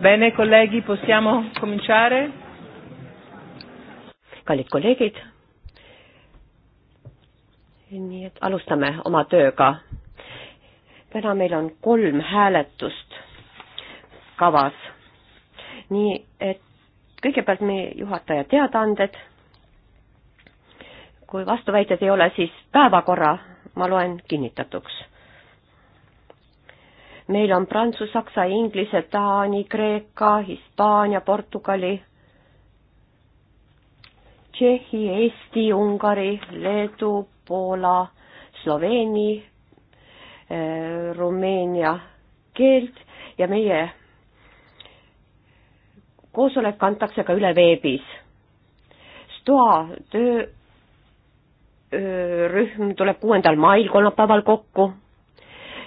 Bene, colleghi, possiamo cominciare? kallid kolleegid, nii et alustame oma tööga. täna meil on kolm hääletust kavas. nii et kõigepealt meie juhataja teadaanded. kui vastuväited ei ole, siis päevakorra ma loen kinnitatuks meil on prantsuse, saksa, inglise, taani, kreeka, Hispaania, Portugali, Tšehhi, Eesti, Ungari, Leedu, Poola, Sloveeni, eh, Rumeenia keelt ja meie koosolek kantakse ka üle veebis. STOA töörühm tuleb kuuendal mail kolmapäeval kokku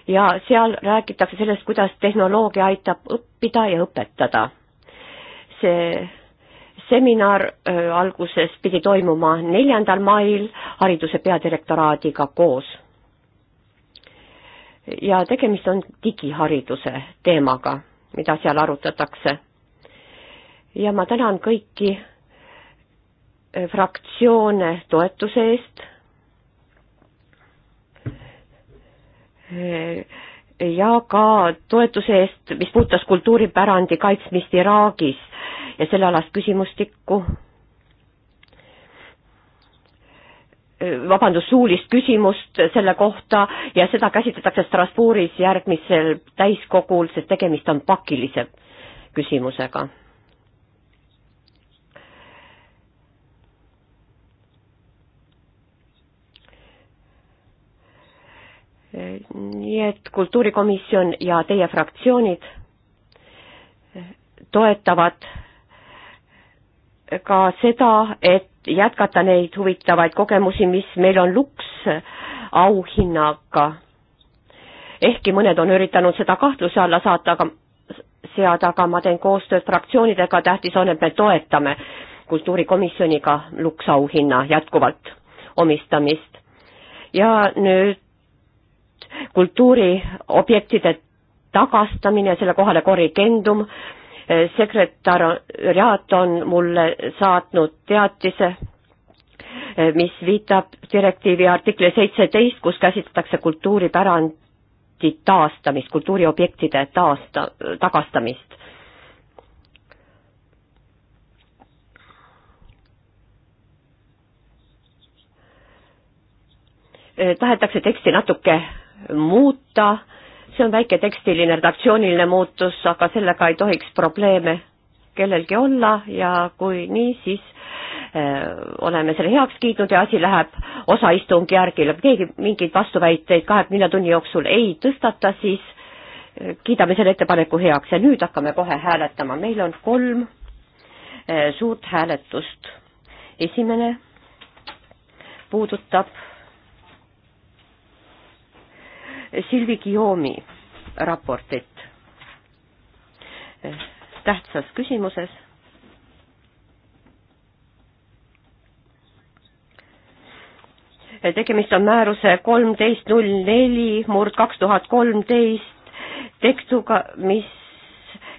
ja seal räägitakse sellest, kuidas tehnoloogia aitab õppida ja õpetada. see seminar alguses pidi toimuma neljandal mail hariduse peadirektoraadiga koos. ja tegemist on digihariduse teemaga, mida seal arutatakse. ja ma tänan kõiki fraktsioone toetuse eest ja ka toetuse eest, mis puudutas kultuuripärandi kaitsmist Iraagis ja sellealast küsimustikku. vabandust, suulist küsimust selle kohta ja seda käsitletakse Strasbourgis järgmisel täiskogul, sest tegemist on pakilise küsimusega nii et kultuurikomisjon ja teie fraktsioonid toetavad ka seda, et jätkata neid huvitavaid kogemusi, mis meil on Lux auhinnaga. ehkki mõned on üritanud seda kahtluse alla saata, aga seada, aga ma teen koostööd fraktsioonidega, tähtis on, et me toetame kultuurikomisjoniga Lux auhinna jätkuvalt omistamist. ja nüüd kultuuriobjektide tagastamine, selle kohale korrigendum, sekretariaat on mulle saatnud teatise, mis viitab direktiivi artikli seitseteist, kus käsitletakse kultuuripärandi taastamist, kultuuriobjektide taasta, tagastamist. tahetakse teksti natuke muuta, see on väike tekstiline redaktsiooniline muutus, aga sellega ei tohiks probleeme kellelgi olla ja kui nii, siis äh, oleme selle heaks kiitnud ja asi läheb osaistungjärgile, keegi mingeid vastuväiteid kahekümne nelja tunni jooksul ei tõstata, siis äh, kiidame selle ettepaneku heaks ja nüüd hakkame kohe hääletama, meil on kolm äh, suurt hääletust. esimene puudutab Silvi Guillaume'i raportit tähtsas küsimuses. tegemist on määruse kolmteist null neli murd kaks tuhat kolmteist tekstuga, mis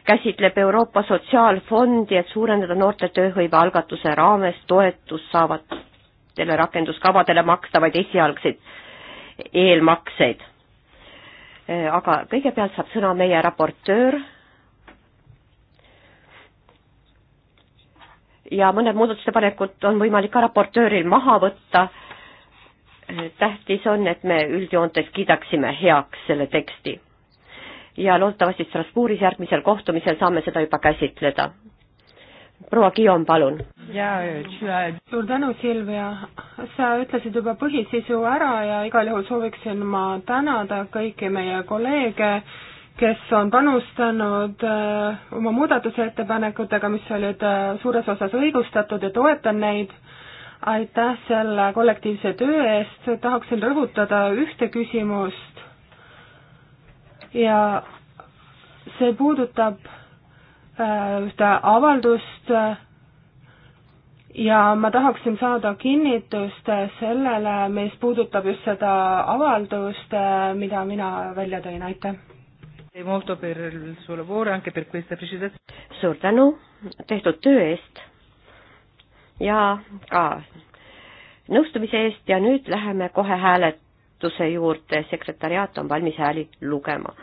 käsitleb Euroopa Sotsiaalfondi, et suurendada noorte tööhõive algatuse raames toetust saavatele rakenduskavadele makstavaid esialgseid eelmakseid Eh, aga kõigepealt saab sõna meie raportöör ja mõned muudatusettepanekud on võimalik ka raportööril maha võtta. Eh, tähtis on, et me üldjoontes kiidaksime heaks selle teksti. ja loodetavasti Strasbourgis järgmisel kohtumisel saame seda juba käsitleda proua Guillaume, palun. jaa, suur tänu, Silvia. sa ütlesid juba põhisisu ära ja igal juhul sooviksin ma tänada kõiki meie kolleege, kes on panustanud äh, oma muudatusettepanekutega, mis olid äh, suures osas õigustatud ja toetan neid. aitäh selle kollektiivse töö eest, tahaksin rõhutada ühte küsimust ja see puudutab Äh, ühte avaldust äh, ja ma tahaksin saada kinnitust sellele, mis puudutab just seda avaldust, äh, mida mina välja tõin, aitäh. suur tänu tehtud töö eest ja ka nõustumise eest ja nüüd läheme kohe hääletuse juurde, sekretäriaat on valmis hääli lugema.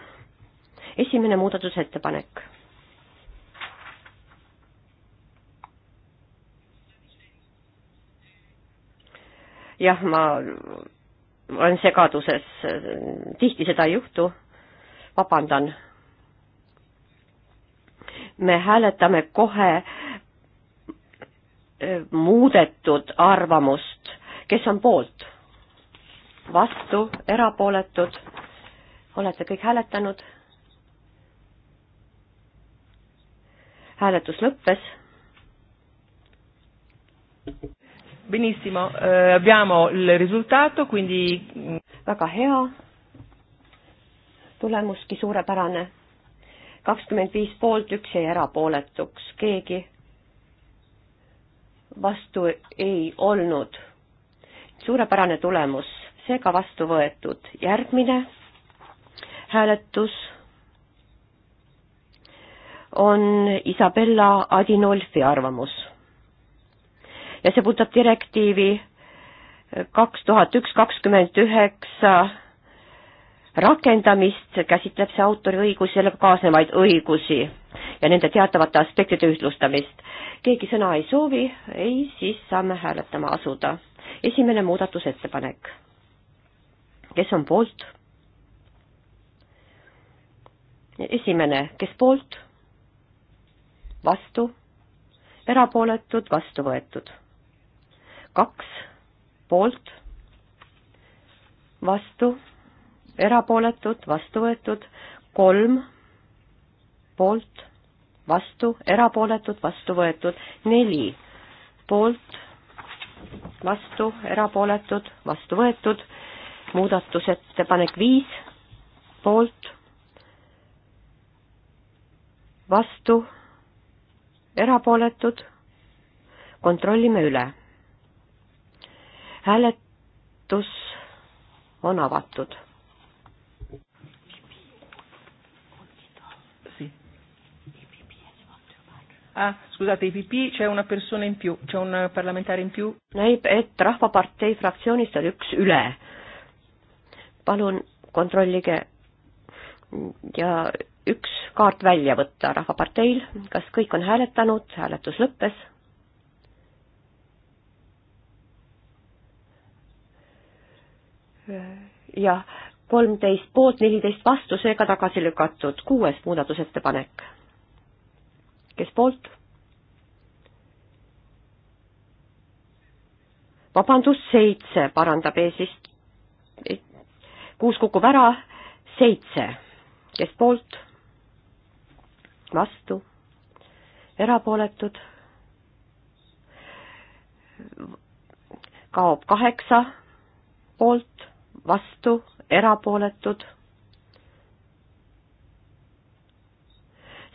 esimene muudatusettepanek jah, ma olen segaduses, tihti seda ei juhtu, vabandan. me hääletame kohe e, muudetud arvamust, kes on poolt, vastu, erapooletud, olete kõik hääletanud? hääletus lõppes Benissimo, eh, abbiamo il risultato, quindi... Mm, väga hea, tulemuski suurepärane. kakskümmend viis poolt, üks jäi erapooletuks, keegi vastu ei olnud. suurepärane tulemus, seega vastu võetud. järgmine hääletus on Isabella Adinolfi arvamus ja see puudutab direktiivi kaks tuhat üks kakskümmend üheksa rakendamist, käsitleb see autoriõigusi, sellega kaasnevaid õigusi ja nende teatavate aspektide ühtlustamist. keegi sõna ei soovi, ei, siis saame hääletama asuda. esimene muudatusettepanek. kes on poolt? esimene, kes poolt? vastu? erapooletud, vastu võetud kaks poolt, vastu, erapooletud, vastu võetud, kolm poolt, vastu, erapooletud, vastu võetud, neli poolt, vastu, erapooletud, vastu võetud, muudatusettepanek viis poolt, vastu, erapooletud, kontrollime üle hääletus on avatud. Ah, scusate, IPP c'è una persona in più, c'è un parlamentare in più. näib, et Rahvapartei fraktsioonist on üks üle. palun kontrollige ja üks kaart välja võtta Rahvaparteil, kas kõik on hääletanud, hääletus lõppes jah, kolmteist poolt, neliteist vastu, seega tagasi lükatud. kuues muudatusettepanek. kes poolt? vabandust, seitse parandab eesist-, kuus kukub ära, seitse. kes poolt? vastu? erapooletud? kaob kaheksa poolt, vastu, erapooletud.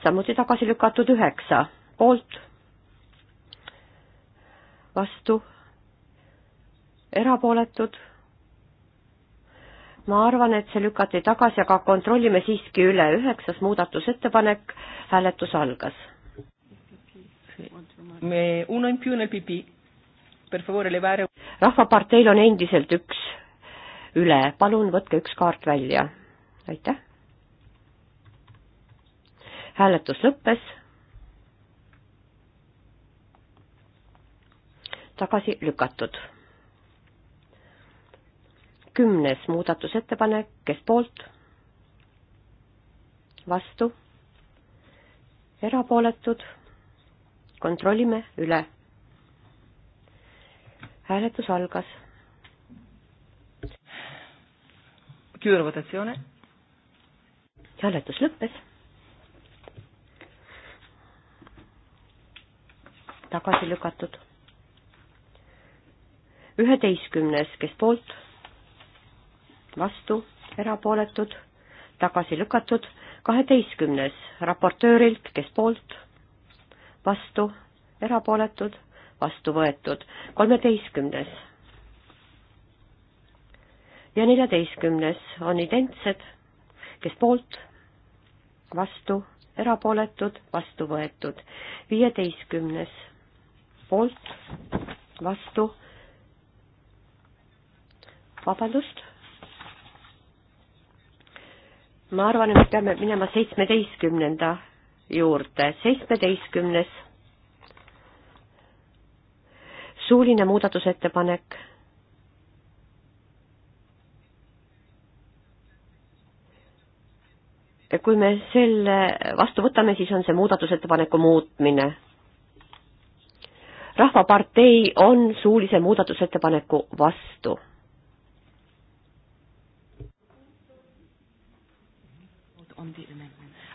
samuti tagasi lükatud üheksa, poolt, vastu, erapooletud. ma arvan, et see lükati tagasi, aga kontrollime siiski üle. üheksas muudatusettepanek, hääletus algas. me, uno in più nel PP, per favore levare. rahvaparteil on endiselt üks üle. palun võtke üks kaart välja. aitäh. hääletus lõppes. tagasi lükatud. kümnes muudatusettepanek, kes poolt? vastu? erapooletud? kontrollime üle. hääletus algas Chiudo la votazione. hääletus lõppes. tagasi lükatud. üheteistkümnes, kes poolt, vastu, erapooletud, tagasi lükatud. kaheteistkümnes, raportöörilt, kes poolt, vastu, erapooletud, vastu võetud. kolmeteistkümnes ja neljateistkümnes on identsed, kes poolt, vastu, erapooletud, vastu võetud. viieteistkümnes poolt, vastu, vabandust, ma arvan, et me peame minema seitsmeteistkümnenda juurde, seitsmeteistkümnes suuline muudatusettepanek kui me selle vastu võtame, siis on see muudatusettepaneku muutmine. rahvapartei on suulise muudatusettepaneku vastu.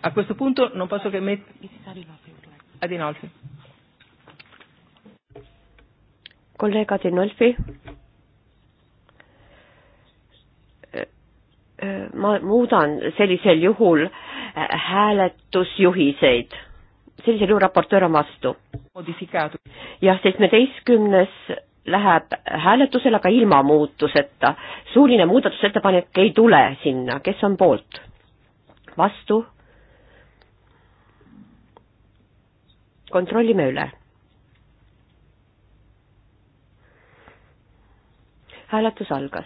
A questo punto non posso che met-... Adinolfi. kolleeg Adinolfi. ma muudan sellisel juhul äh, hääletusjuhiseid, sellisel juhul raportöör on vastu. jah, seitsmeteistkümnes läheb hääletusele, aga ilma muutuseta. suuline muudatusettepanek ei tule sinna, kes on poolt? vastu? kontrollime üle. hääletus algas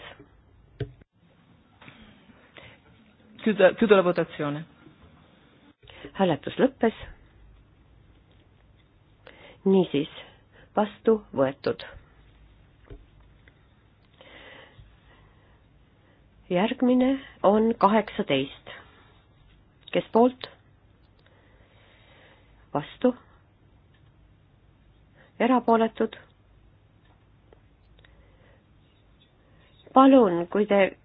chiudo, chiudo la votazione. hääletus lõppes. niisiis, vastu võetud. järgmine on kaheksateist. kes poolt? vastu? erapooletud? palun, kui te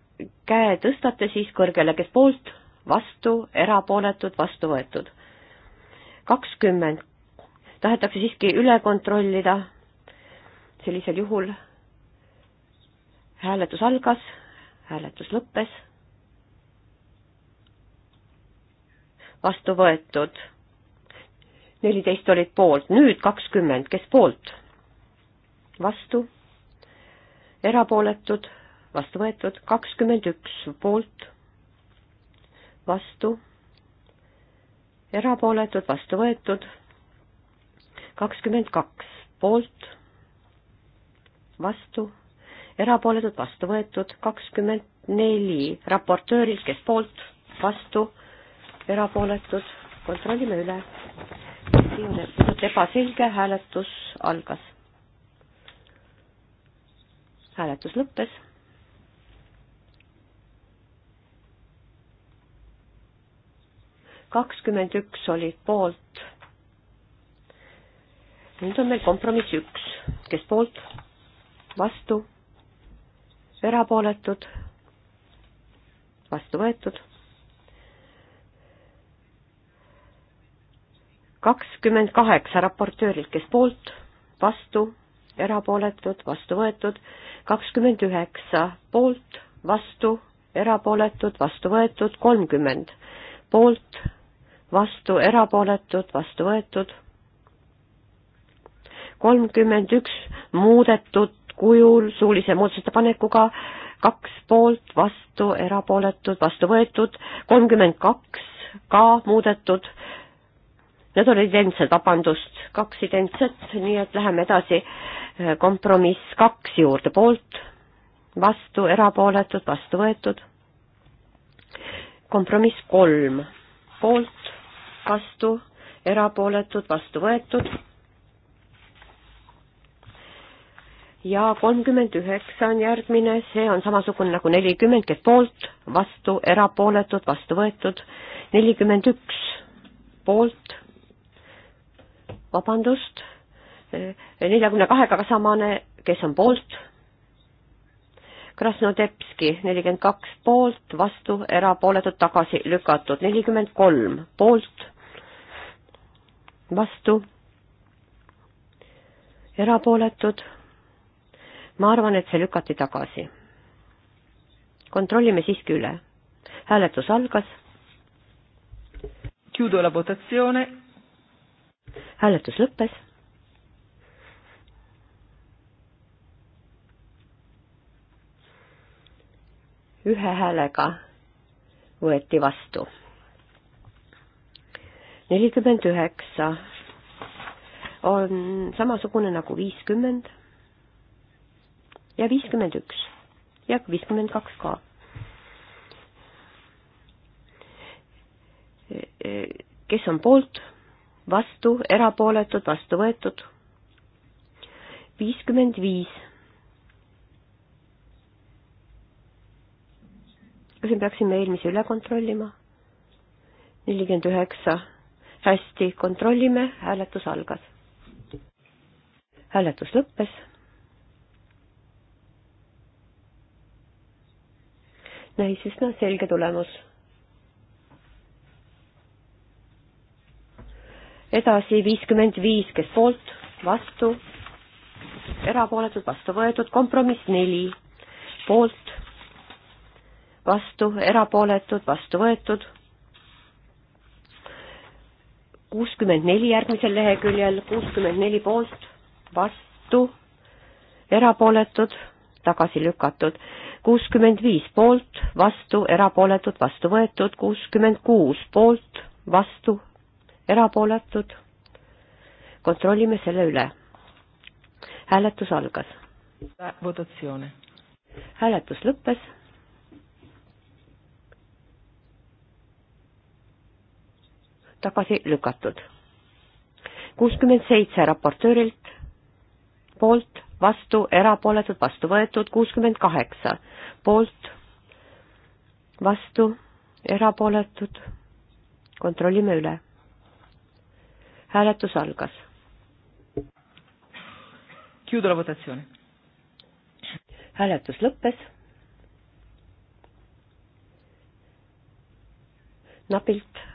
käe tõstate, siis kõrgele, kes poolt, vastu, erapooletud, vastu võetud. kakskümmend, tahetakse siiski üle kontrollida, sellisel juhul hääletus algas, hääletus lõppes, vastu võetud, neliteist olid poolt, nüüd kakskümmend, kes poolt? vastu, erapooletud vastu võetud, kakskümmend üks poolt, vastu, erapooletud, vastu võetud, kakskümmend kaks poolt, vastu, erapooletud, vastu võetud, kakskümmend neli raportöörilt, kes poolt, vastu, erapooletud, kontrollime üle. siin on pisut ebaselge, hääletus algas hääletus lõppes kakskümmend üks olid poolt. nüüd on meil kompromiss üks, kes poolt, vastu, erapooletud, vastu võetud. kakskümmend kaheksa raportöörilt, kes poolt, vastu, erapooletud, vastu võetud, kakskümmend üheksa poolt, vastu, erapooletud, vastu võetud, kolmkümmend poolt, vastu erapooletud, vastu võetud. kolmkümmend üks muudetud kujul suulise muudatusettepanekuga, kaks poolt, vastu erapooletud, vastu võetud, kolmkümmend kaks ka muudetud. Need olid identsed, vabandust, kaks identset, nii et läheme edasi kompromiss kaks juurde, poolt, vastu erapooletud, vastu võetud. kompromiss kolm, poolt, vastu, erapooletud, vastu võetud. ja kolmkümmend üheksa on järgmine, see on samasugune nagu nelikümmend, kes poolt, vastu, erapooletud, vastu võetud. nelikümmend üks poolt, vabandust, neljakümne kahega samane, kes on poolt Krasnodebski nelikümmend kaks poolt, vastu, erapooletud, tagasi lükatud, nelikümmend kolm poolt, vastu, erapooletud. ma arvan, et see lükati tagasi. kontrollime siiski üle. hääletus algas. hääletus lõppes ühe häälega võeti vastu nelikümmend üheksa on samasugune nagu viiskümmend ja viiskümmend üks ja viiskümmend kaks ka. kes on poolt, vastu, erapooletud, vastu võetud? viiskümmend viis. kas me peaksime eelmise üle kontrollima? nelikümmend üheksa hästi, kontrollime, hääletus algas. hääletus lõppes. näis üsna selge tulemus. edasi viiskümmend viis, kes poolt, vastu, erapooletud, vastu võetud, kompromiss neli, poolt, vastu, erapooletud, vastu võetud kuuskümmend neli järgmisel leheküljel, kuuskümmend neli poolt, vastu, erapooletud, tagasi lükatud, kuuskümmend viis poolt, vastu, erapooletud, vastu võetud, kuuskümmend kuus poolt, vastu, erapooletud. kontrollime selle üle. hääletus algas. hääletus lõppes tagasi lükatud. kuuskümmend seitse raportöörilt, poolt, vastu, erapooletud, vastu võetud, kuuskümmend kaheksa, poolt, vastu, erapooletud, kontrollime üle. hääletus algas. hääletus lõppes napilt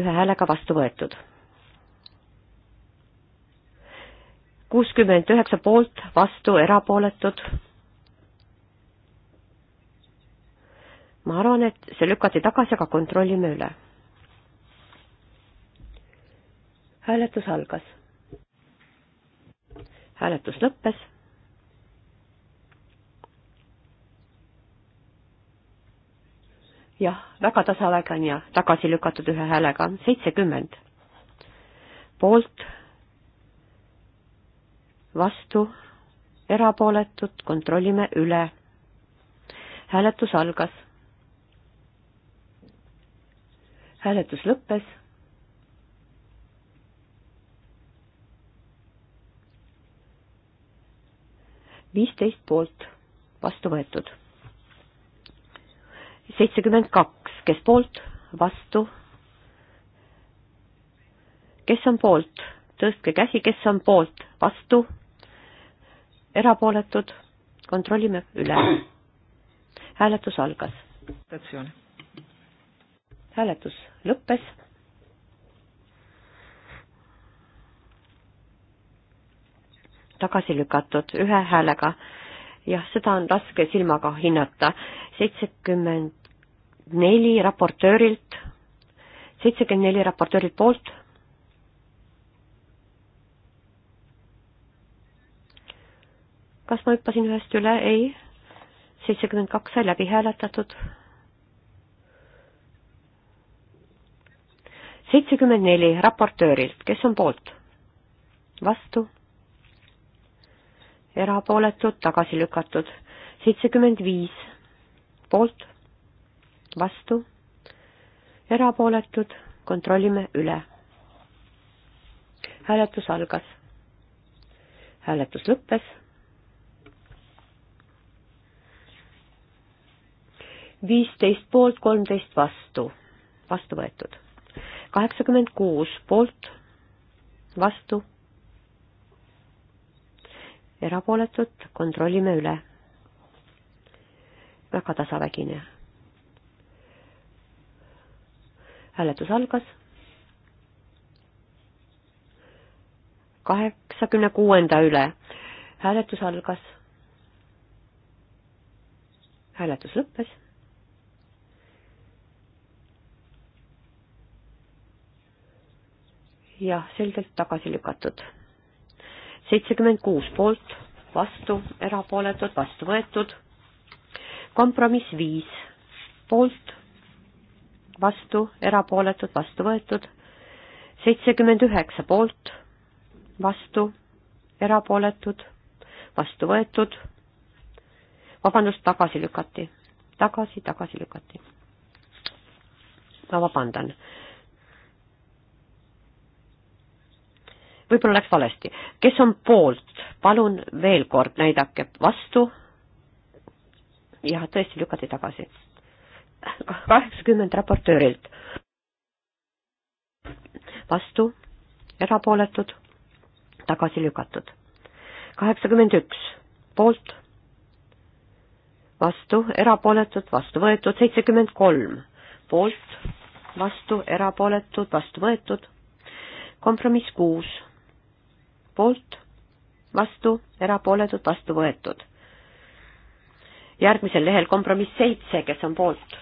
ühe häälega vastu võetud. kuuskümmend üheksa poolt, vastu erapooletud. ma arvan, et see lükati tagasi, aga kontrollime üle. hääletus algas. hääletus lõppes jah, väga tasaväge on ja tagasi lükatud ühe häälega, seitsekümmend. poolt, vastu, erapooletud, kontrollime üle. hääletus algas. hääletus lõppes. viisteist poolt, vastu võetud seitsekümmend kaks, kes poolt, vastu? kes on poolt, tõstke käsi, kes on poolt, vastu? erapooletud, kontrollime üle. hääletus algas. hääletus lõppes. tagasi lükatud ühe häälega jah, seda on raske silmaga hinnata. seitsekümmend neli raportöörilt, seitsekümmend neli raportöörilt poolt. kas ma hüppasin ühest üle? ei. seitsekümmend kaks sai läbi hääletatud. seitsekümmend neli raportöörilt, kes on poolt? vastu? erapooletud, tagasi lükatud. seitsekümmend viis poolt vastu, erapooletud, kontrollime üle. hääletus algas. hääletus lõppes. viisteist poolt, kolmteist vastu, vastu võetud. kaheksakümmend kuus poolt, vastu, erapooletud, kontrollime üle. väga tasavägine hääletus algas. kaheksakümne kuuenda üle hääletus algas. hääletus lõppes. jah, selgelt tagasi lükatud. seitsekümmend kuus poolt, vastu, erapooletud, vastu võetud. kompromiss viis poolt vastu, erapooletud, vastu võetud, seitsekümmend üheksa poolt, vastu, erapooletud, vastu võetud, vabandust, tagasi lükati, tagasi, tagasi lükati. ma vabandan. võib-olla läks valesti, kes on poolt, palun veel kord näidake vastu. jah, tõesti lükati tagasi kaheksakümmend raportöörilt. vastu, erapooletud, tagasi lükatud. kaheksakümmend üks poolt, vastu, erapooletud, vastu võetud, seitsekümmend kolm poolt, vastu, erapooletud, vastu võetud. kompromiss kuus poolt, vastu, erapooletud, vastu võetud. järgmisel lehel kompromiss seitse, kes on poolt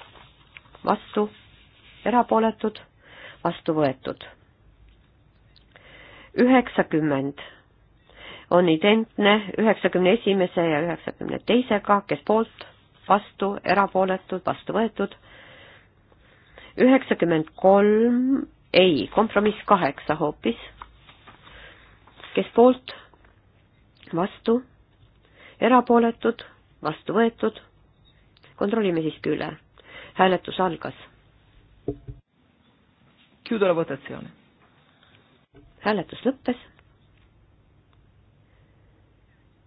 vastu, erapooletud, vastu võetud. üheksakümmend on identne üheksakümne esimese ja üheksakümne teisega, kes poolt, vastu, erapooletud, vastu võetud. üheksakümmend kolm, ei, kompromiss kaheksa hoopis, kes poolt, vastu, erapooletud, vastu võetud, kontrollime siiski üle hääletus algas. hääletus lõppes.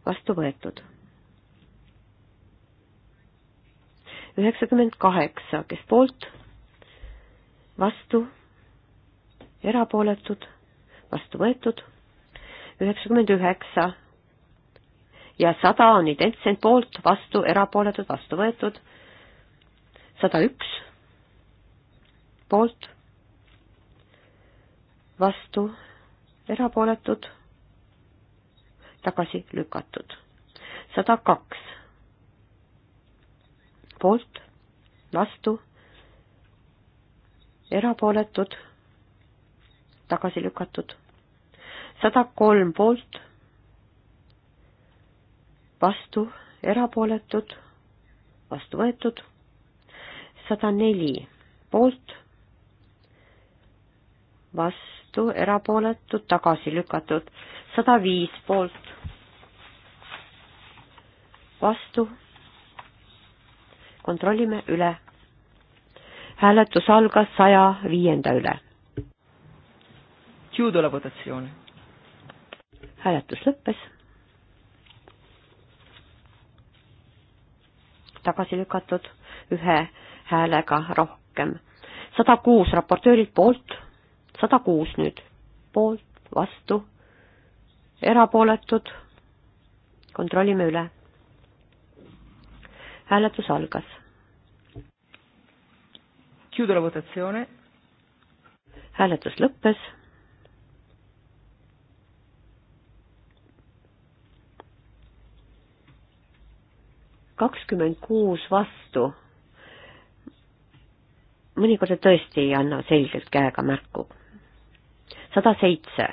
vastu võetud. üheksakümmend kaheksa, kes poolt, vastu, erapooletud, vastu võetud, üheksakümmend üheksa ja sada on identselt poolt, vastu, erapooletud, vastu võetud sada üks poolt, vastu, erapooletud, tagasi lükatud. sada kaks poolt, vastu, erapooletud, tagasi lükatud. sada kolm poolt, vastu, erapooletud, vastu võetud sada neli poolt, vastu, erapooletud, tagasi lükatud, sada viis poolt, vastu, kontrollime üle. hääletus algas saja viienda üle. hääletus lõppes. tagasi lükatud ühe häälega rohkem. sada kuus raportöörilt poolt, sada kuus nüüd poolt, vastu, erapooletud, kontrollime üle. hääletus algas. hääletus lõppes kakskümmend kuus vastu, mõnikord ta tõesti ei anna selgelt käega märku. sada seitse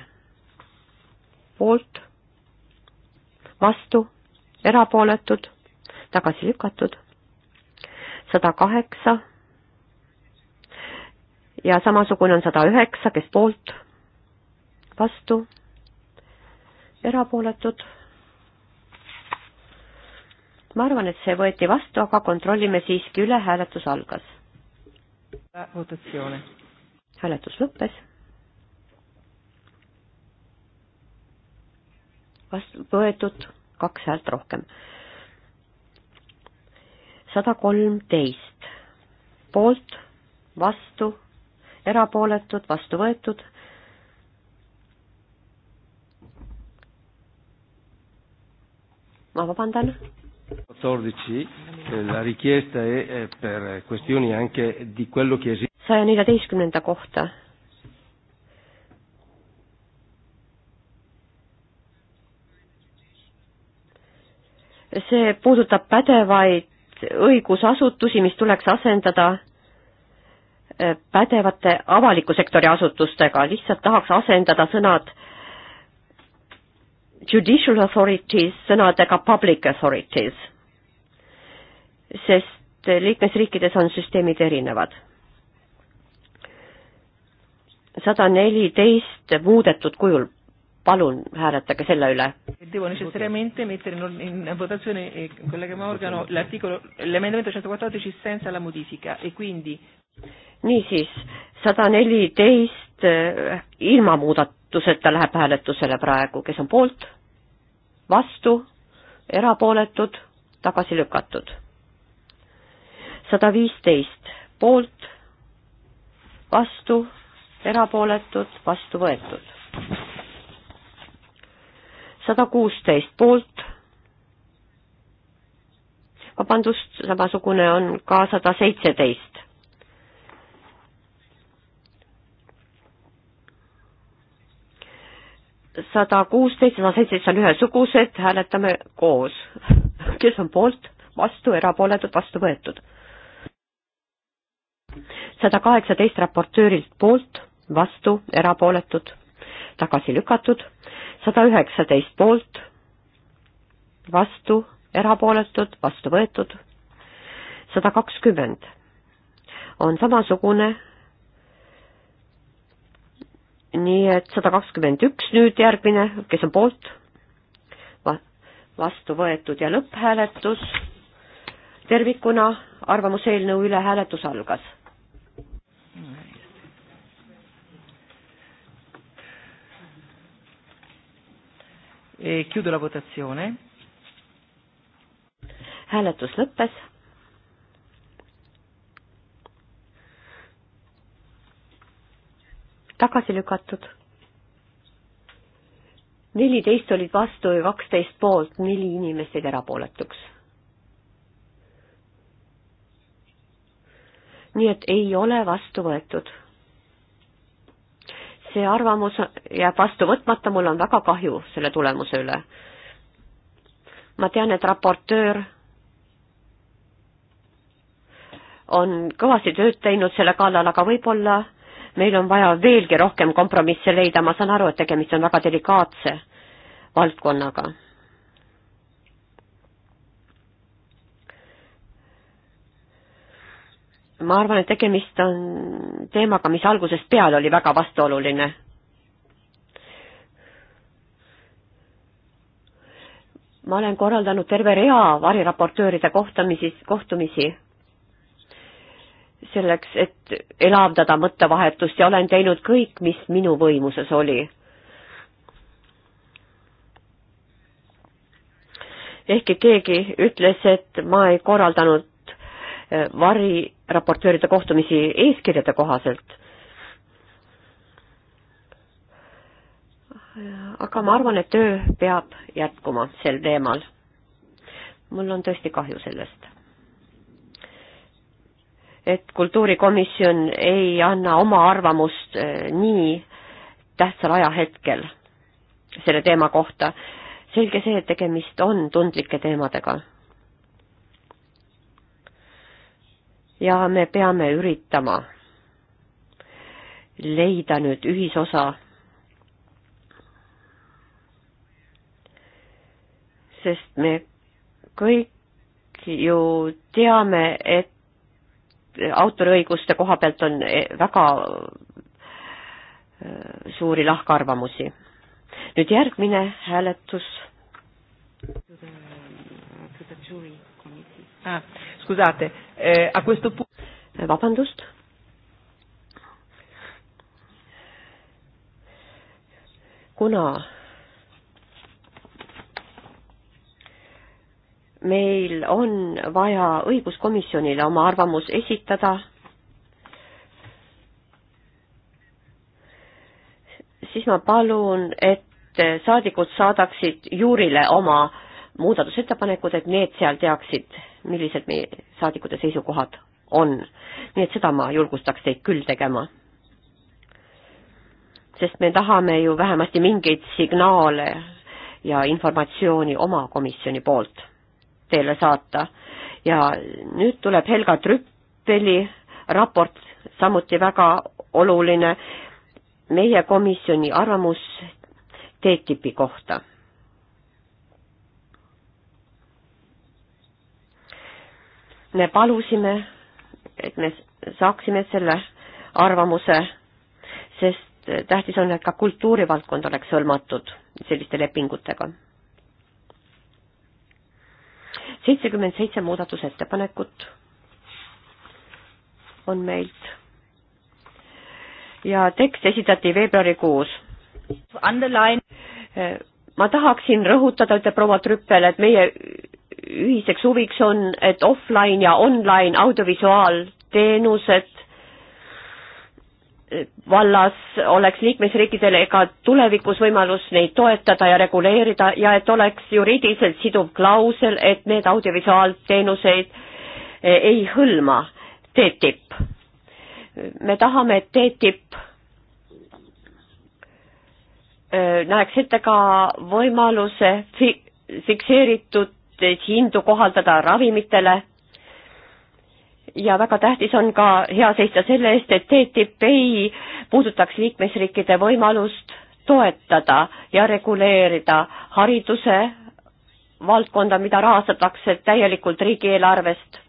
poolt, vastu, erapooletud, tagasi lükatud, sada kaheksa ja samasugune on sada üheksa, kes poolt, vastu, erapooletud. ma arvan, et see võeti vastu, aga kontrollime siiski üle, hääletus algas hääletus lõppes. vastu võetud kaks häält rohkem. sada kolmteist poolt, vastu, erapooletud, vastu võetud. ma vabandan Eh, eh, saja neljateistkümnenda kohta. see puudutab pädevaid õigusasutusi, mis tuleks asendada eh, pädevate avaliku sektori asutustega, lihtsalt tahaks asendada sõnad äh, judicial authorities sõnadega public authorities, sest liikmesriikides on süsteemid erinevad. sada neliteist muudetud kujul, palun hääletage selle üle. Eh, e niisiis, sada neliteist eh, ilma muudatuseta läheb hääletusele praegu, kes on poolt? vastu, erapooletud, tagasi lükatud. sada viisteist poolt, vastu, erapooletud, vastu võetud. sada kuusteist poolt, vabandust, samasugune on ka sada seitseteist sada kuusteist, sada seitseteist on ühesugused, hääletame koos. kes on poolt, vastu, erapooletud, vastu võetud. sada kaheksateist raportöörilt poolt, vastu, erapooletud, tagasi lükatud, sada üheksateist poolt, vastu, erapooletud, vastu võetud, sada kakskümmend on samasugune nii et sada kakskümmend üks nüüd järgmine, kes on poolt Va, vastu võetud ja lõpphääletus tervikuna arvamuseelnõu üle hääletus algas. E chiudo la votazione. Hääletus lõppes tagasi lükatud. neliteist olid vastu ja kaksteist poolt, neli inimest jäid erapooletuks. nii et ei ole vastu võetud. see arvamus jääb vastu võtmata, mul on väga kahju selle tulemuse üle. ma tean, et raportöör on kõvasti tööd teinud selle kallal, aga võib-olla meil on vaja veelgi rohkem kompromisse leida, ma saan aru, et tegemist on väga delikaatse valdkonnaga. ma arvan, et tegemist on teemaga, mis algusest peale oli väga vastuoluline. ma olen korraldanud terve rea variraportööride kohtamisi, kohtumisi, kohtumisi selleks, et elavdada mõttevahetust ja olen teinud kõik, mis minu võimuses oli. ehkki keegi ütles, et ma ei korraldanud eh, variraportööride kohtumisi eeskirjade kohaselt. aga ma arvan, et töö peab jätkuma sel teemal. mul on tõesti kahju sellest et kultuurikomisjon ei anna oma arvamust eh, nii tähtsal ajahetkel selle teema kohta. selge see, et tegemist on tundlike teemadega. ja me peame üritama leida nüüd ühisosa sest me kõik ju teame, et autoriõiguste koha pealt on eh, väga eh, suuri lahkarvamusi. nüüd järgmine hääletus. Ah, eh, vabandust. kuna meil on vaja õiguskomisjonile oma arvamus esitada, siis ma palun, et saadikud saadaksid juurile oma muudatusettepanekud, et need seal teaksid, millised meie saadikute seisukohad on. nii et seda ma julgustaks teid küll tegema. sest me tahame ju vähemasti mingeid signaale ja informatsiooni oma komisjoni poolt teile saata. ja nüüd tuleb Helga Trüppeli raport, samuti väga oluline, meie komisjoni arvamus TTIP-i kohta. me palusime, et me saaksime selle arvamuse, sest tähtis on, et ka kultuurivaldkond oleks hõlmatud selliste lepingutega seitsekümmend seitse muudatusettepanekut on meilt ja tekst esitati veebruarikuus. ma tahaksin rõhutada, ütleb proua Trüppel, et meie ühiseks huviks on, et offline ja online audiovisuaalteenused vallas oleks liikmesriikidel ega tulevikus võimalus neid toetada ja reguleerida ja et oleks juriidiliselt siduv klausel, et need audiovisuaalteenuseid eh, ei hõlma TTIP. me tahame, et TTIP eh, näeks ette ka võimaluse fi-, fikseeritud hindu kohaldada ravimitele ja väga tähtis on ka hea seista selle eest, et TTIP ei puudutaks liikmesriikide võimalust toetada ja reguleerida hariduse valdkonda, mida rahastatakse täielikult riigieelarvest.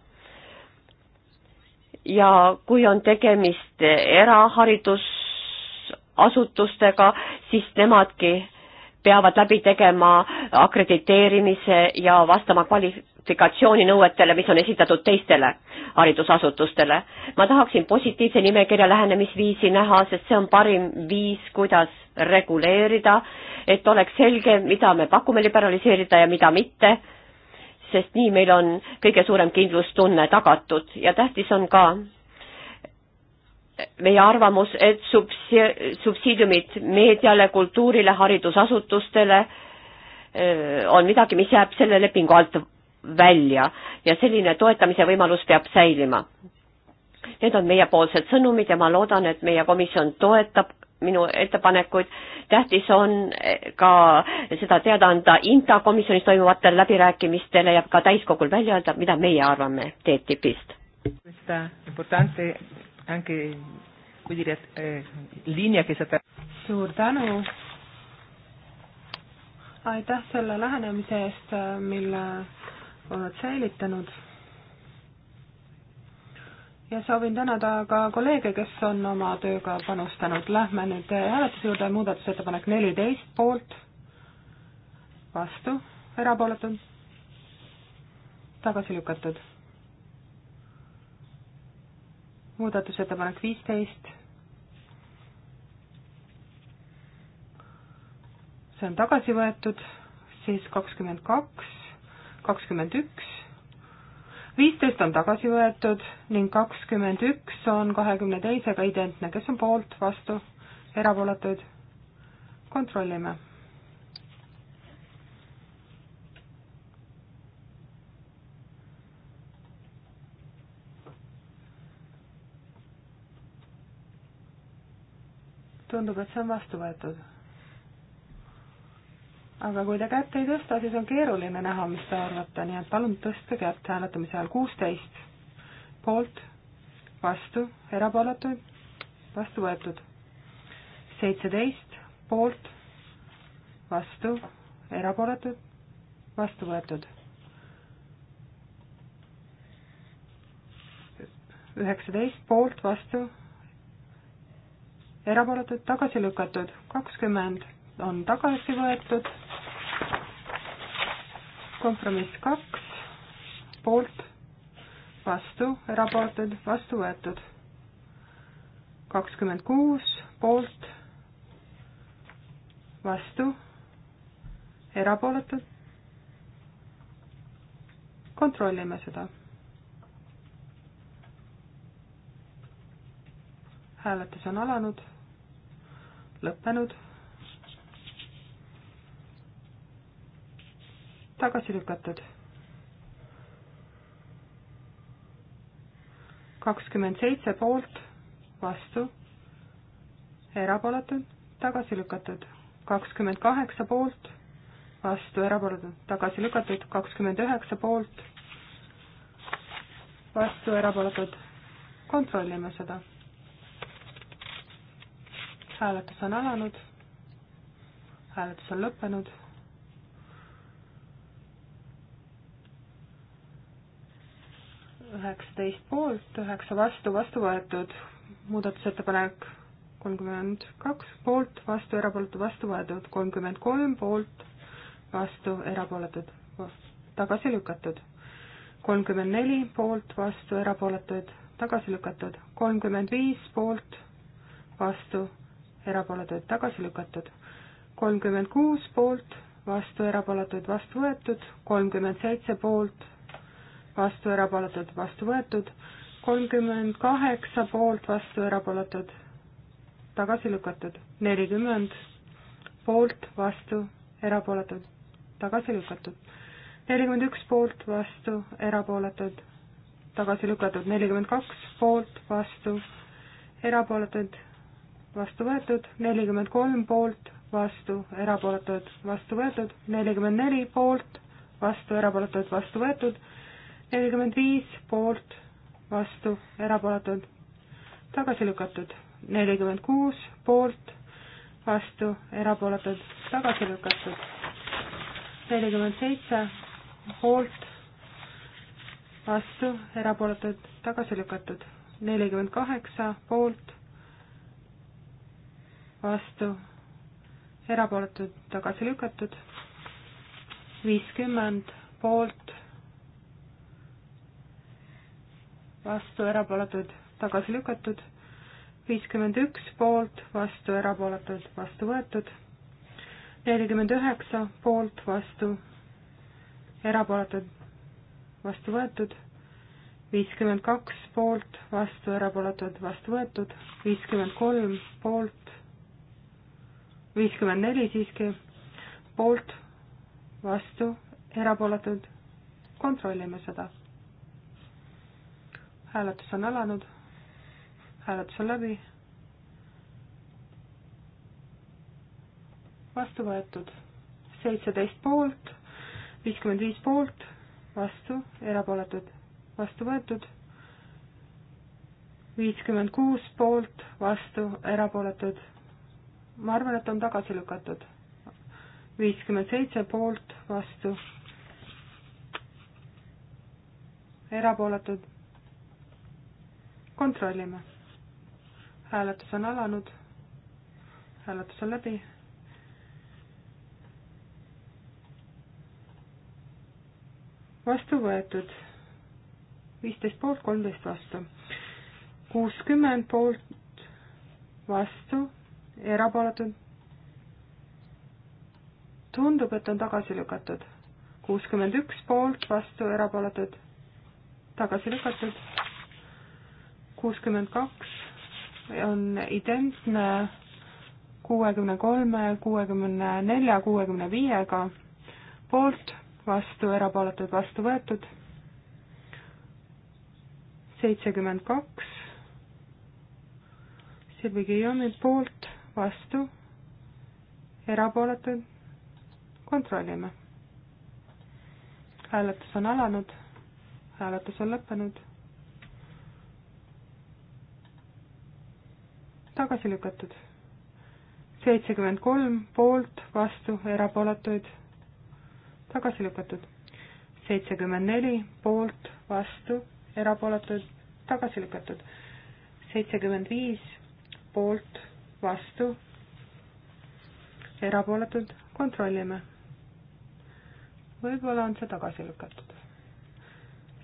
ja kui on tegemist eraharidusasutustega, siis nemadki peavad läbi tegema akrediteerimise ja vastama kvali-, kvalifikatsiooninõuetele, mis on esitatud teistele haridusasutustele. ma tahaksin positiivse nimekirja lähenemisviisi näha, sest see on parim viis, kuidas reguleerida, et oleks selge, mida me pakume liberaliseerida ja mida mitte, sest nii meil on kõige suurem kindlustunne tagatud ja tähtis on ka meie arvamus, et subsi-, subsiidiumid meediale, kultuurile, haridusasutustele on midagi, mis jääb selle lepingu alt välja ja selline toetamise võimalus peab säilima. Need on meiepoolsed sõnumid ja ma loodan, et meie komisjon toetab minu ettepanekuid. tähtis on eh, ka seda teada anda INTA komisjonis toimuvatel läbirääkimistele ja ka täiskogul välja öelda, mida meie arvame TTIP-ist. Eh, suur tänu. aitäh selle lähenemise eest, mille on nad säilitanud. ja soovin tänada ka kolleege, kes on oma tööga panustanud. Lähme nüüd hääletuse juurde, muudatusettepanek neliteist poolt, vastu, erapooletud, tagasi lükatud. muudatusettepanek viisteist see on tagasi võetud, siis kakskümmend kaks kakskümmend üks, viisteist on tagasi võetud ning kakskümmend üks on kahekümne teisega identne, kes on poolt, vastu, erapooletuid, kontrollime tundub, et see on vastu võetud aga kui te kätt ei tõsta, siis on keeruline näha, mis te arvate, nii et palun tõstke kätt hääletamise ajal kuusteist. poolt, vastu, erapooletuid, vastu võetud. seitseteist, poolt, vastu, erapooletud, vastu võetud. üheksateist, poolt, vastu, erapooletud, tagasi lükatud, kakskümmend on tagasi võetud kompromiss kaks, poolt, vastu, erapooletud, vastu võetud. kakskümmend kuus, poolt, vastu, erapooletud. kontrollime seda. hääletus on alanud, lõppenud tagasi lükatud. kakskümmend seitse poolt, vastu, erapooletud, tagasi lükatud. kakskümmend kaheksa poolt, vastu, erapooletud, tagasi lükatud. kakskümmend üheksa poolt, vastu, erapooletud. kontrollime seda. hääletus on alanud. hääletus on lõppenud üheksateist poolt, üheksa vastu, vastu võetud. muudatusettepanek kolmkümmend kaks poolt, vastu, erapooletu, vastu võetud. kolmkümmend kolm poolt, vastu, erapooletud, tagasi lükatud. kolmkümmend neli poolt, vastu, erapooletud, tagasi lükatud. kolmkümmend viis poolt, vastu, erapooletud, tagasi lükatud. kolmkümmend kuus poolt, vastu, erapooletud, vastu võetud. kolmkümmend seitse poolt, vastu erapooletud, vastu võetud, kolmkümmend kaheksa poolt, vastu erapooletud, tagasi lükatud, nelikümmend poolt, vastu erapooletud, tagasi lükatud, nelikümmend üks poolt, vastu erapooletud, tagasi lükatud, nelikümmend kaks poolt, vastu erapooletud, vastu võetud, nelikümmend kolm poolt, vastu erapooletud, vastu võetud, nelikümmend neli poolt, vastu erapooletud, vastu võetud, nelikümmend viis poolt, vastu, erapooletud, tagasi lükatud. nelikümmend kuus poolt, vastu, erapooletud, tagasi lükatud. nelikümmend seitse poolt, vastu, erapooletud, tagasi lükatud. nelikümmend kaheksa poolt, vastu, erapooletud, tagasi lükatud. viiskümmend poolt, vastu, erapooletud, tagasi lükatud, viiskümmend üks poolt, vastu, erapooletud, vastu võetud, nelikümmend üheksa poolt, vastu, erapooletud, vastu võetud, viiskümmend kaks poolt, vastu, erapooletud, vastu võetud, viiskümmend kolm poolt, viiskümmend neli siiski, poolt, vastu, erapooletud, kontrollime seda hääletus on alanud, hääletus on läbi. vastu võetud seitseteist poolt, viiskümmend viis poolt, vastu, erapooletud, vastu võetud, viiskümmend kuus poolt, vastu, erapooletud. ma arvan, et on tagasi lükatud. viiskümmend seitse poolt, vastu, erapooletud kontrollime. hääletus on alanud, hääletus on läbi. vastu võetud, viisteist poolt, kolmteist vastu, kuuskümmend poolt vastu, erapooletud. tundub, et on tagasi lükatud, kuuskümmend üks poolt vastu, erapooletud, tagasi lükatud kuuskümmend kaks on identne kuuekümne kolme, kuuekümne nelja, kuuekümne viiega, poolt, vastu, erapooletud, vastu võetud, seitsekümmend kaks, Silvi Kiiomi poolt, vastu, erapooletud, kontrollime. hääletus on alanud, hääletus on lõppenud tagasi lükatud. seitsekümmend kolm poolt, vastu, erapooletuid, tagasi lükatud. seitsekümmend neli poolt, vastu, erapooletuid, tagasi lükatud. seitsekümmend viis poolt, vastu, erapooletud, kontrollime. võib-olla on see tagasi lükatud.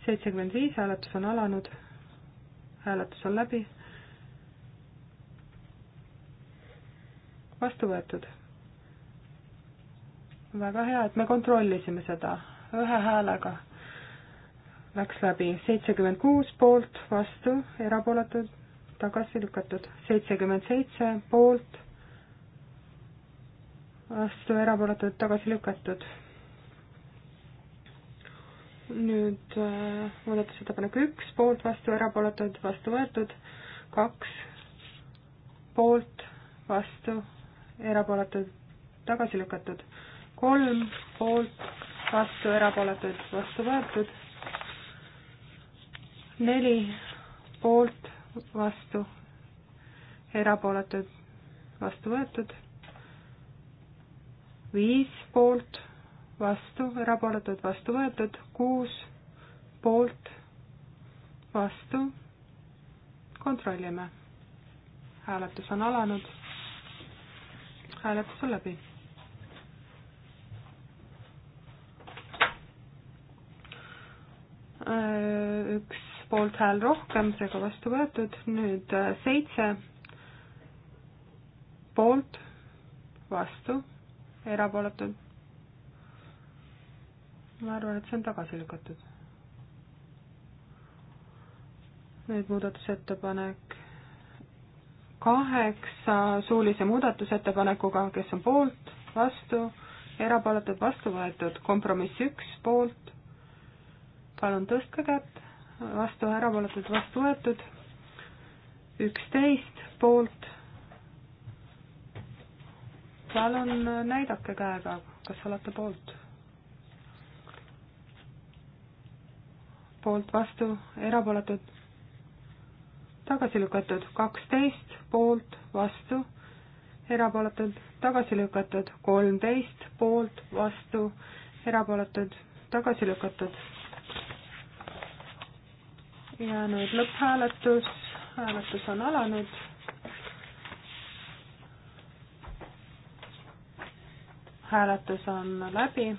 seitsekümmend viis hääletus on alanud, hääletus on läbi vastu võetud. väga hea, et me kontrollisime seda ühe häälega. Läks läbi seitsekümmend kuus poolt, vastu, erapooletud, tagasi lükatud, seitsekümmend seitse poolt, vastu, erapooletud, tagasi lükatud. nüüd äh, muudatusettepanek üks, poolt, vastu, erapooletud, vastu võetud, kaks, poolt, vastu erapooletud, tagasi lükatud. kolm poolt, vastu, erapooletud, vastu võetud. neli poolt, vastu, erapooletud, vastu võetud. viis poolt, vastu, erapooletud, vastu võetud. kuus poolt, vastu, kontrollime. hääletus on alanud hääletus on läbi. Äh, üks poolthääl rohkem, seega vastu võetud, nüüd äh, seitse poolt, vastu, erapooletud. ma arvan, et see on tagasi lükatud. nüüd muudatusettepanek kaheksa suulise muudatusettepanekuga, kes on poolt, vastu, erapooletud, vastu võetud, kompromiss üks, poolt, palun tõstke kätt, vastu, erapooletud, vastu võetud, üksteist, poolt, palun näidake käega, kas olete poolt. poolt, vastu, erapooletud, tagasi lükatud kaksteist, poolt, vastu, erapooletud, tagasi lükatud kolmteist, poolt, vastu, erapooletud, tagasi lükatud. ja nüüd lõpphääletus, hääletus on alanud hääletus on läbi.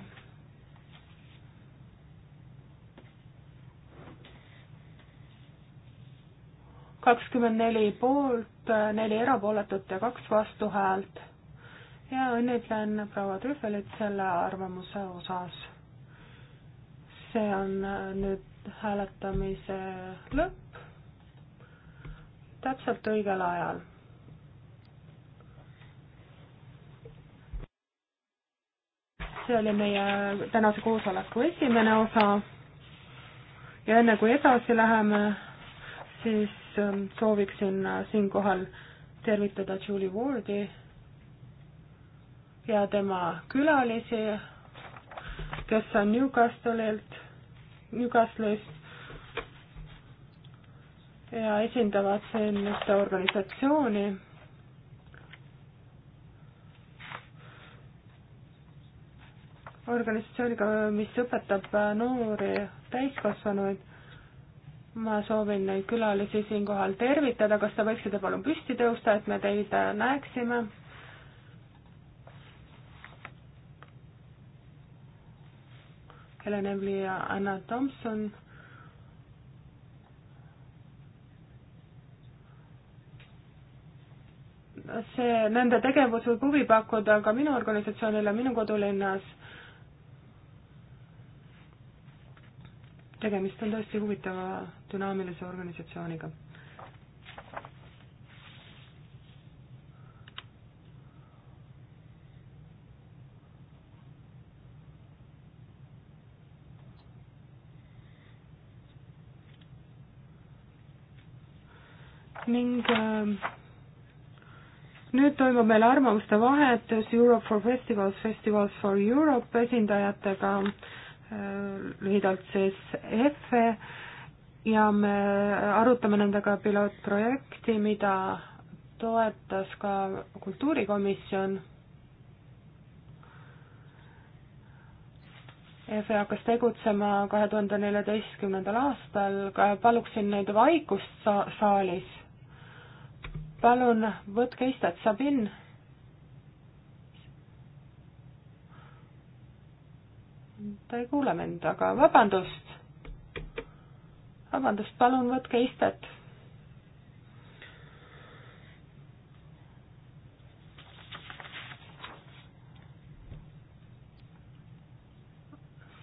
kakskümmend neli poolt, neli erapooletut ja kaks vastuhäält. ja õnnitlen proua Trühvelit selle arvamuse osas. see on äh, nüüd hääletamise lõpp, täpselt õigel ajal see oli meie tänase koosoleku esimene osa. ja enne kui edasi läheme, siis ähm, sooviksin äh, siinkohal tervitada Julie Wardi ja tema külalisi, kes on Newcastleilt, Newcastle'ist ja esindavad siin ühte organisatsiooni, organisatsiooniga, mis õpetab äh, noori täiskasvanuid ma soovin neid külalisi siinkohal tervitada, kas te võiksite palun püsti tõusta, et me teid äh, näeksime? Helen Evli ja Anna Tomson. see, nende tegevus võib huvi pakkuda ka minu organisatsioonile minu kodulinnas tegemist on tõesti huvitava dünaamilise organisatsiooniga. ning äh, nüüd toimub meil arvamuste vahetus Europe for Festivals, Festivals for Europe esindajatega äh, lühidalt siis EFE ja me arutame nendega pilootprojekti, mida toetas ka kultuurikomisjon. EFE hakkas tegutsema kahe tuhande neljateistkümnendal aastal, paluksin nüüd vaikust sa saalis. palun võtke istet, Sabin ta ei kuule mind, aga vabandust. vabandust, palun võtke istet.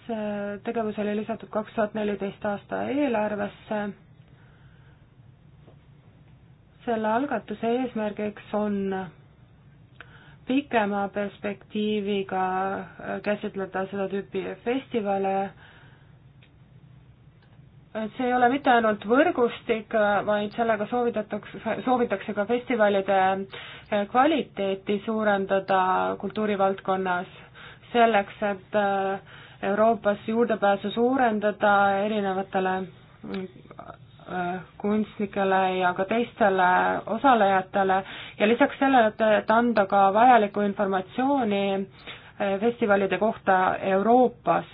see tegevus oli lisatud kaks tuhat neliteist aasta eelarvesse selle algatuse eesmärgiks on pikema perspektiiviga äh, käsitleda seda tüüpi festivale. et see ei ole mitte ainult võrgustik, äh, vaid sellega soovitatakse, äh, soovitakse ka festivalide kvaliteeti suurendada kultuurivaldkonnas, selleks et Euroopas juurdepääsu suurendada erinevatele mm, kunstnikele ja ka teistele osalejatele ja lisaks sellele, et, et anda ka vajalikku informatsiooni eh, festivalide kohta Euroopas.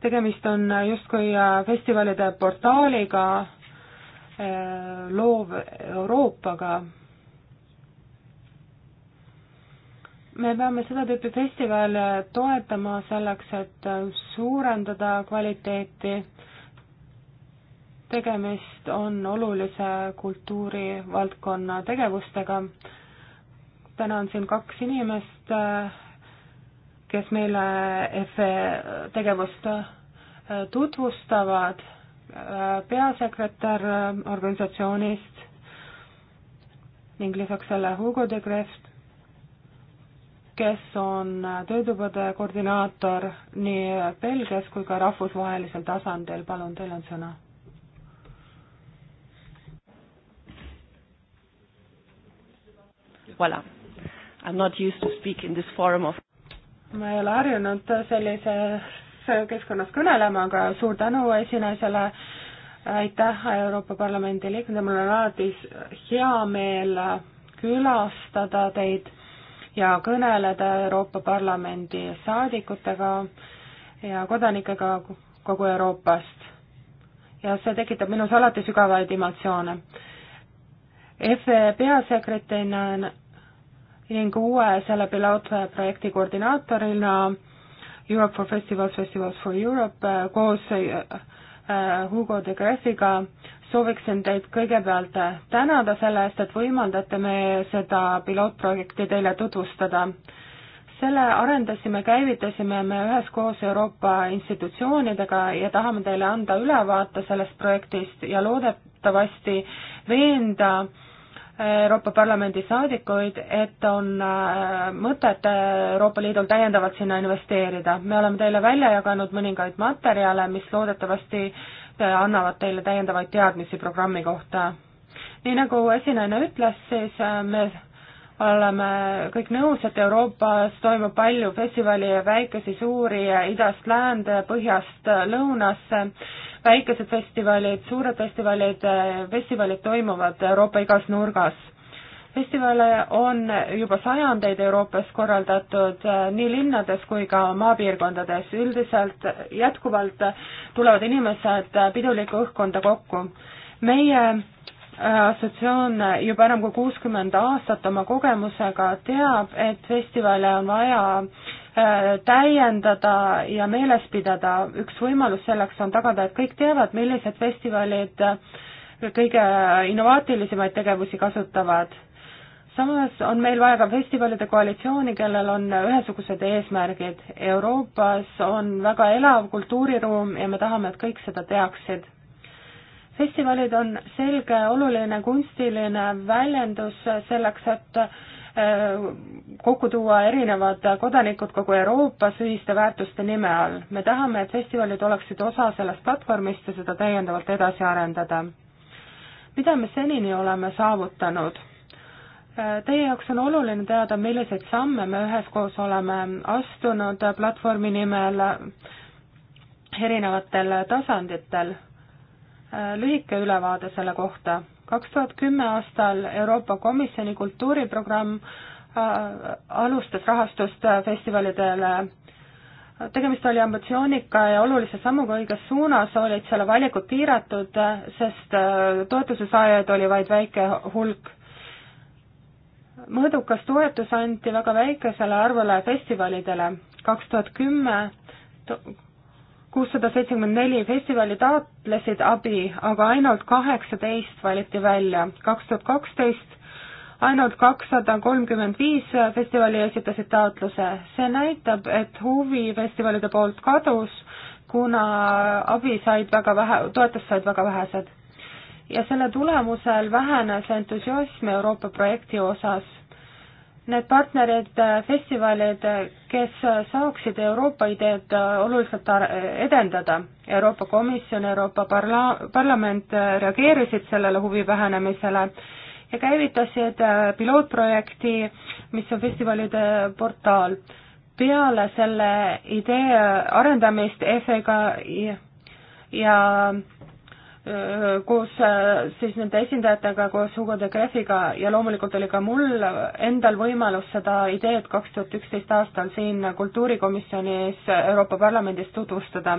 tegemist on justkui eh, festivalide portaaliga, eh, loov Euroopaga. me peame seda tüüpi festivale toetama selleks, et suurendada kvaliteeti tegemist on olulise kultuurivaldkonna tegevustega. täna on siin kaks inimest, kes meile EFE tegevust äh, tutvustavad, äh, peasekretär äh, organisatsioonist ning lisaks selle Hugo de Greft, kes on töötubade koordinaator nii Belgias kui ka rahvusvahelisel tasandil, palun, teil on sõna voilà. I am not used to speak in this forum of ma ei ole harjunud sellises keskkonnas kõnelema, aga suur tänu esinaisele, aitäh Euroopa Parlamendi liikmele, mul on alati hea meel külastada teid ja kõneleda Euroopa Parlamendi saadikutega ja kodanikega kogu Euroopast. ja see tekitab minus alati sügavaid emotsioone. EFE peasekretärina ning uue selle pilootprojekti koordinaatorina Europe for Festivals, Festivals for Europe äh, koos äh, äh, Hugo de Greffiga sooviksin teid kõigepealt tänada selle eest, et võimaldate meie seda pilootprojekti teile tutvustada. selle arendasime, käivitasime me üheskoos Euroopa institutsioonidega ja tahame teile anda ülevaate sellest projektist ja loodetavasti veenda äh, Euroopa Parlamendi saadikuid, et on äh, mõtet äh, Euroopa Liidul täiendavalt sinna investeerida. me oleme teile välja jaganud mõningaid materjale, mis loodetavasti äh, annavad teile täiendavaid teadmisi programmi kohta. nii nagu esinaine ütles, siis me oleme kõik nõus, et Euroopas toimub palju festivali ja väikesi suuri idast läände, põhjast lõunasse väikesed festivalid, suured festivalid, äh, festivalid toimuvad Euroopa igas nurgas. festivale on juba sajandeid Euroopas korraldatud äh, nii linnades kui ka maapiirkondades, üldiselt jätkuvalt tulevad inimesed äh, pidulikku õhkkonda kokku. meie assotsioon juba enam kui kuuskümmend aastat oma kogemusega teab, et festivale on vaja Äh, täiendada ja meeles pidada. üks võimalus selleks on tagada, et kõik teavad, millised festivalid äh, kõige innovaatilisemaid tegevusi kasutavad. samas on meil vaja ka festivalide koalitsiooni, kellel on ühesugused eesmärgid. Euroopas on väga elav kultuuriruum ja me tahame, et kõik seda teaksid festivalid on selge oluline kunstiline väljendus selleks, et Äh, kokku tuua erinevad kodanikud kogu Euroopas ühiste väärtuste nime all. me tahame, et festivalid oleksid osa sellest platvormist ja seda täiendavalt edasi arendada. mida me senini oleme saavutanud? Äh, teie jaoks on oluline teada, milliseid samme me üheskoos oleme astunud platvormi nimel erinevatel tasanditel. Äh, lühike ülevaade selle kohta kaks tuhat kümme aastal Euroopa Komisjoni kultuuriprogramm äh, alustas rahastust äh, festivalidele. tegemist oli ambitsioonika ja olulise sammuga õiges suunas, olid selle valikud piiratud, äh, sest toetuse saajaid oli vaid väike hulk. mõõdukas toetus anti väga väikesele arvule festivalidele, kaks tuhat kümme kuussada seitsekümmend neli festivali taotlesid abi, aga ainult kaheksateist valiti välja. kaks tuhat kaksteist ainult kakssada kolmkümmend viis festivali esitasid taotluse. see näitab, et huvi festivalide poolt kadus, kuna abi said väga vähe, toetust said väga vähesed. ja selle tulemusel vähenes entusiasm Euroopa projekti osas need partnerid, äh, festivalid, kes saaksid Euroopa ideed äh, oluliselt edendada. Euroopa Komisjon, Euroopa parla-, parlament äh, reageerisid sellele huvi vähenemisele ja käivitasid pilootprojekti, mis on festivalide portaal. peale selle idee arendamist EFE-ga ja koos äh, siis nende esindajatega, koos Hugo de Greffiga ja loomulikult oli ka mul endal võimalus seda ideed kaks tuhat üksteist aastal siin kultuurikomisjoni ees Euroopa Parlamendis tutvustada.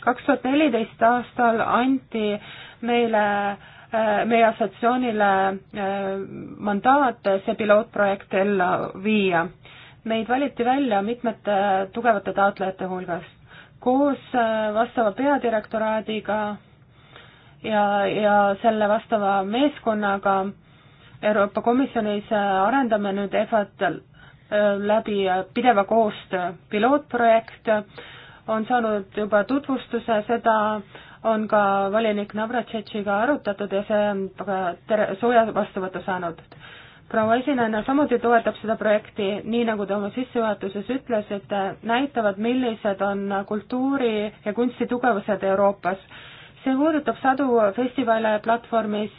kaks tuhat neliteist aastal anti meile, äh, meie assotsiatsioonile äh, mandaat see pilootprojekt ellu viia. meid valiti välja mitmete tugevate taotlejate hulgast. koos vastava peadirektoraadiga ja, ja selle vastava meeskonnaga Euroopa Komisjonis äh, arendame nüüd EFAT äh, läbi äh, pideva koostöö. pilootprojekt on saanud juba tutvustuse, seda on ka volinik Navratšetšiga arutatud ja see on väga tere, sooja vastuvõtu saanud. proua esinejana samuti toetab seda projekti, nii nagu te oma sissejuhatuses ütlesite, näitavad, millised on kultuuri ja kunsti tugevused Euroopas see puudutab sadu festivale platvormis,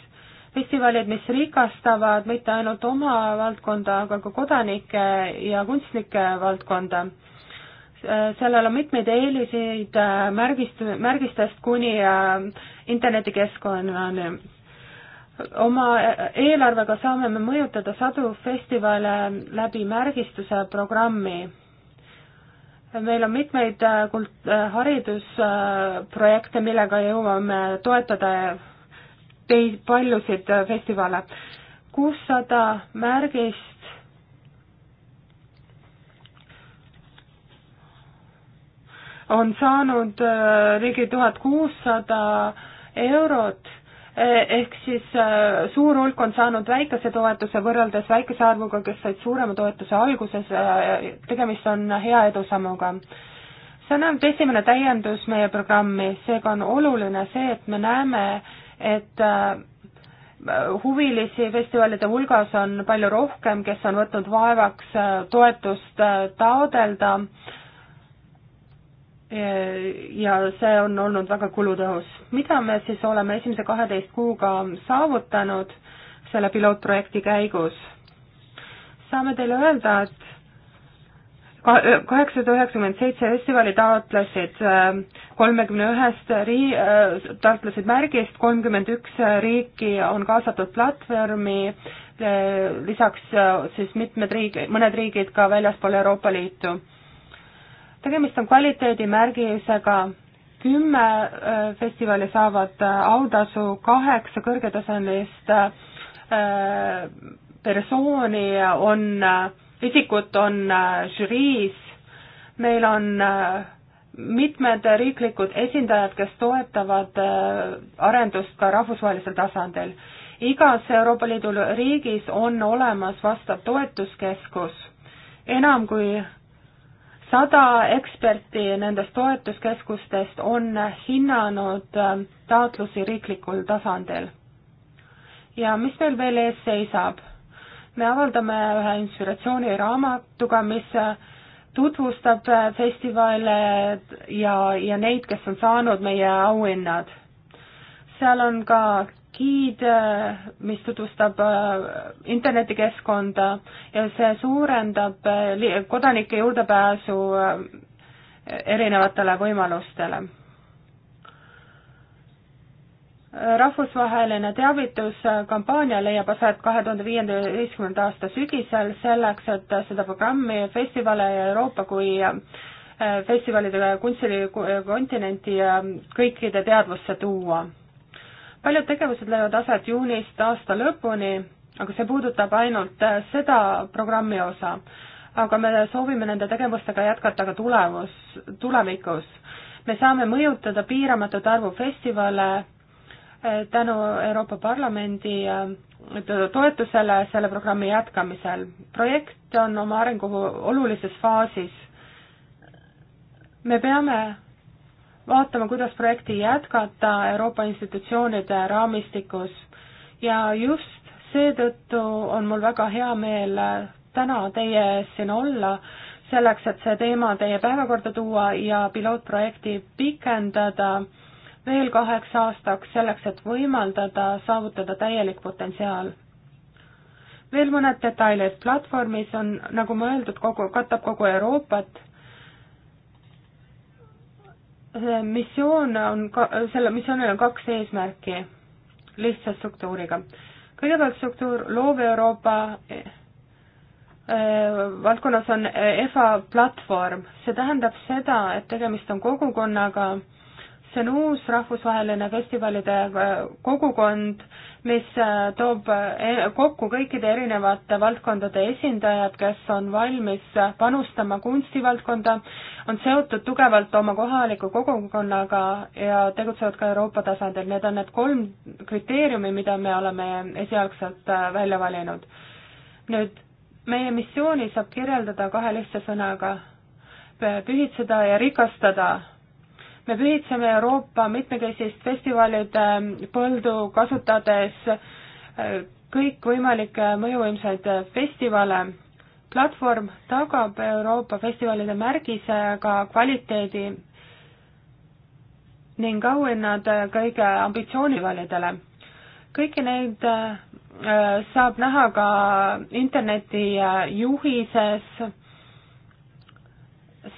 festivalid, mis rikastavad mitte ainult oma valdkonda, aga ka kodanike ja kunstnike valdkonda. sellel on mitmeid eeliseid märgist, märgistest kuni äh, internetikeskkonnani oma eelarvega saame me mõjutada sadu festivale läbi märgistuse programmi meil on mitmeid äh, kult-, äh, haridusprojekte, millega jõuame toetada tei-, paljusid äh, festivale. kuussada märgist on saanud ligi tuhat kuussada eurot ehk siis äh, suur hulk on saanud väikese toetuse võrreldes väikese arvuga, kes said suurema toetuse alguses, äh, tegemist on hea edusammuga. see on ainult esimene täiendus meie programmi, seega on oluline see, et me näeme, et äh, huvilisi festivalide hulgas on palju rohkem, kes on võtnud vaevaks toetust taodelda ja see on olnud väga kulutõhus. mida me siis oleme esimese kaheteist kuuga saavutanud selle pilootprojekti käigus? saame teile öelda, et äh, kaheksasada üheksakümmend seitse festivali taotlesid äh, kolmekümne ühest rii-, äh, taotlesid märgist, kolmkümmend üks riiki on kaasatud platvormi, lisaks siis mitmed riik, mõned riigid ka väljaspool Euroopa Liitu tegemist on kvaliteedimärgisega, kümme äh, festivali saavad äh, autasu kaheksa kõrgetasemelist äh, persooni on, isikut on žüriis, meil on mitmed riiklikud esindajad, kes toetavad arendust ka rahvusvahelisel tasandil. igas Euroopa Liidu riigis on olemas vastav toetuskeskus. enam kui sada eksperti nendest toetuskeskustest on hinnanud ähm, taotlusi riiklikul tasandil. ja mis meil veel ees seisab? me avaldame ühe inspiratsiooniraamatuga, mis äh, tutvustab äh, festivale ja, ja neid, kes on saanud meie auhinnad. seal on ka giid, mis tutvustab äh, internetikeskkonda ja see suurendab äh, kodanike juurdepääsu äh, erinevatele võimalustele. rahvusvaheline teavituskampaania leiab aset kahe tuhande viieteistkümnenda aasta sügisel selleks, et seda programmi, festivale ja Euroopa kui festivalidele kunstili kontinenti kõikide teadvusse tuua paljud tegevused leiavad aset juunist aasta lõpuni, aga see puudutab ainult äh, seda programmi osa. aga me soovime nende tegevustega jätkata ka tulevus, tulevikus. me saame mõjutada piiramatut arvu festivale äh, tänu Euroopa Parlamendi äh, toetusele selle programmi jätkamisel. projekt on oma arengu olulises faasis. me peame vaatama, kuidas projekti jätkata Euroopa institutsioonide raamistikus ja just seetõttu on mul väga hea meel täna teie ees siin olla, selleks, et see teema teie päevakorda tuua ja pilootprojekti pikendada veel kaheks aastaks, selleks et võimaldada saavutada täielik potentsiaal. veel mõned detailid, platvormis on, nagu mõeldud, kogu, katab kogu Euroopat see missioon on ka, selle missioonil on kaks eesmärki lihtsa struktuuriga. kõigepealt struktuur Loov Euroopa e, e, valdkonnas on EFA platvorm, see tähendab seda, et tegemist on kogukonnaga, see on uus rahvusvaheline festivalide e, kogukond mis äh, toob äh, kokku kõikide erinevate valdkondade esindajad, kes on valmis äh, panustama kunstivaldkonda, on seotud tugevalt oma kohaliku kogukonnaga ja tegutsevad ka Euroopa tasandil. Need on need kolm kriteeriumi, mida me oleme esialgselt välja valinud. nüüd meie missiooni saab kirjeldada kahe lihtsa sõnaga, pühitseda ja rikastada me pühitseme Euroopa mitmekesist festivalide ähm, põldu, kasutades äh, kõikvõimalikke äh, mõjuvõimsaid äh, festivale. platvorm tagab Euroopa festivalide märgise, aga kvaliteedi ning auhinnad kõige ambitsioonivalidele. kõiki neid saab näha ka interneti juhises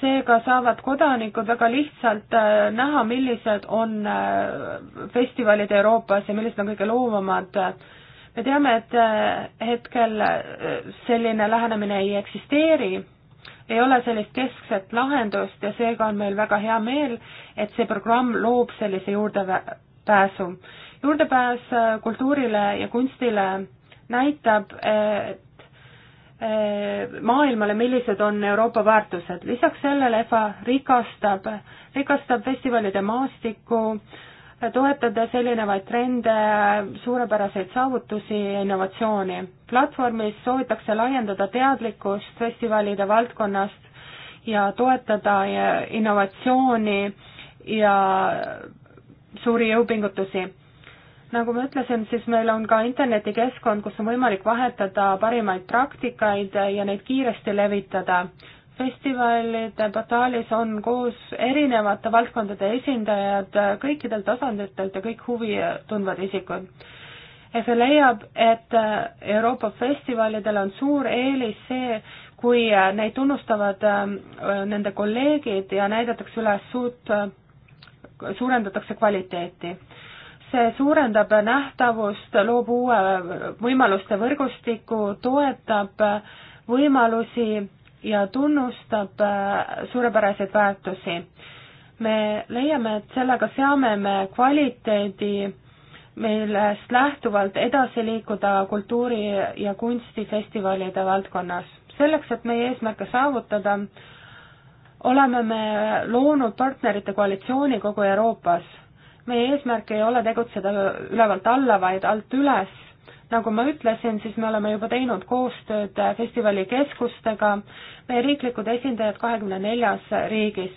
seega saavad kodanikud väga lihtsalt äh, näha, millised on äh, festivalid Euroopas ja millised on kõige loovamad. me teame, et äh, hetkel selline lähenemine ei eksisteeri, ei ole sellist keskset lahendust ja seega on meil väga hea meel, et see programm loob sellise juurdepääsu. juurdepääs kultuurile ja kunstile näitab, et Äh, maailmale, millised on Euroopa väärtused. lisaks sellele EFA rikastab, rikastab festivalide maastikku, toetades erinevaid trende, suurepäraseid saavutusi ja innovatsiooni. platvormis soovitakse laiendada teadlikkust festivalide valdkonnast ja toetada äh, innovatsiooni ja suuri jõupingutusi nagu ma ütlesin, siis meil on ka internetikeskkond, kus on võimalik vahetada parimaid praktikaid ja neid kiiresti levitada. festivalide portaalis on koos erinevate valdkondade esindajad kõikidel tasanditelt ja kõik huvi tundvad isikud. EFE leiab, et Euroopa festivalidel on suur eelis see, kui neid tunnustavad ähm, nende kolleegid ja näidatakse üles suurt, suurendatakse kvaliteeti see suurendab nähtavust, loob uue võimaluste võrgustiku, toetab võimalusi ja tunnustab äh, suurepäraseid väärtusi. me leiame, et sellega seame me kvaliteedi, millest lähtuvalt edasi liikuda kultuuri- ja kunstifestivalide valdkonnas. selleks, et meie eesmärke saavutada, oleme me loonud partnerite koalitsiooni kogu Euroopas meie eesmärk ei ole tegutseda ülevalt alla, vaid alt üles. nagu ma ütlesin, siis me oleme juba teinud koostööd festivalikeskustega, meie riiklikud esindajad kahekümne neljas riigis.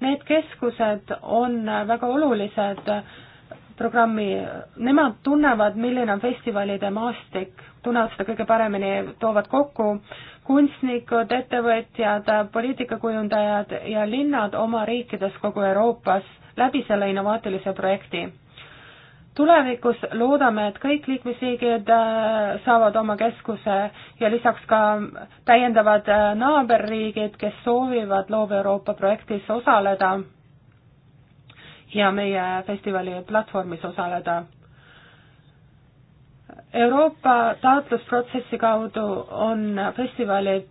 Need keskused on väga olulised programmi, nemad tunnevad, milline on festivalide maastik, tunnevad seda kõige paremini, toovad kokku kunstnikud, ettevõtjad, poliitikakujundajad ja linnad oma riikides kogu Euroopas läbi selle innovaatilise projekti. tulevikus loodame, et kõik liikmesriigid äh, saavad oma keskuse ja lisaks ka täiendavad äh, naaberriigid, kes soovivad Loov Euroopa projektis osaleda ja meie festivali platvormis osaleda Euroopa taotlusprotsessi kaudu on festivalid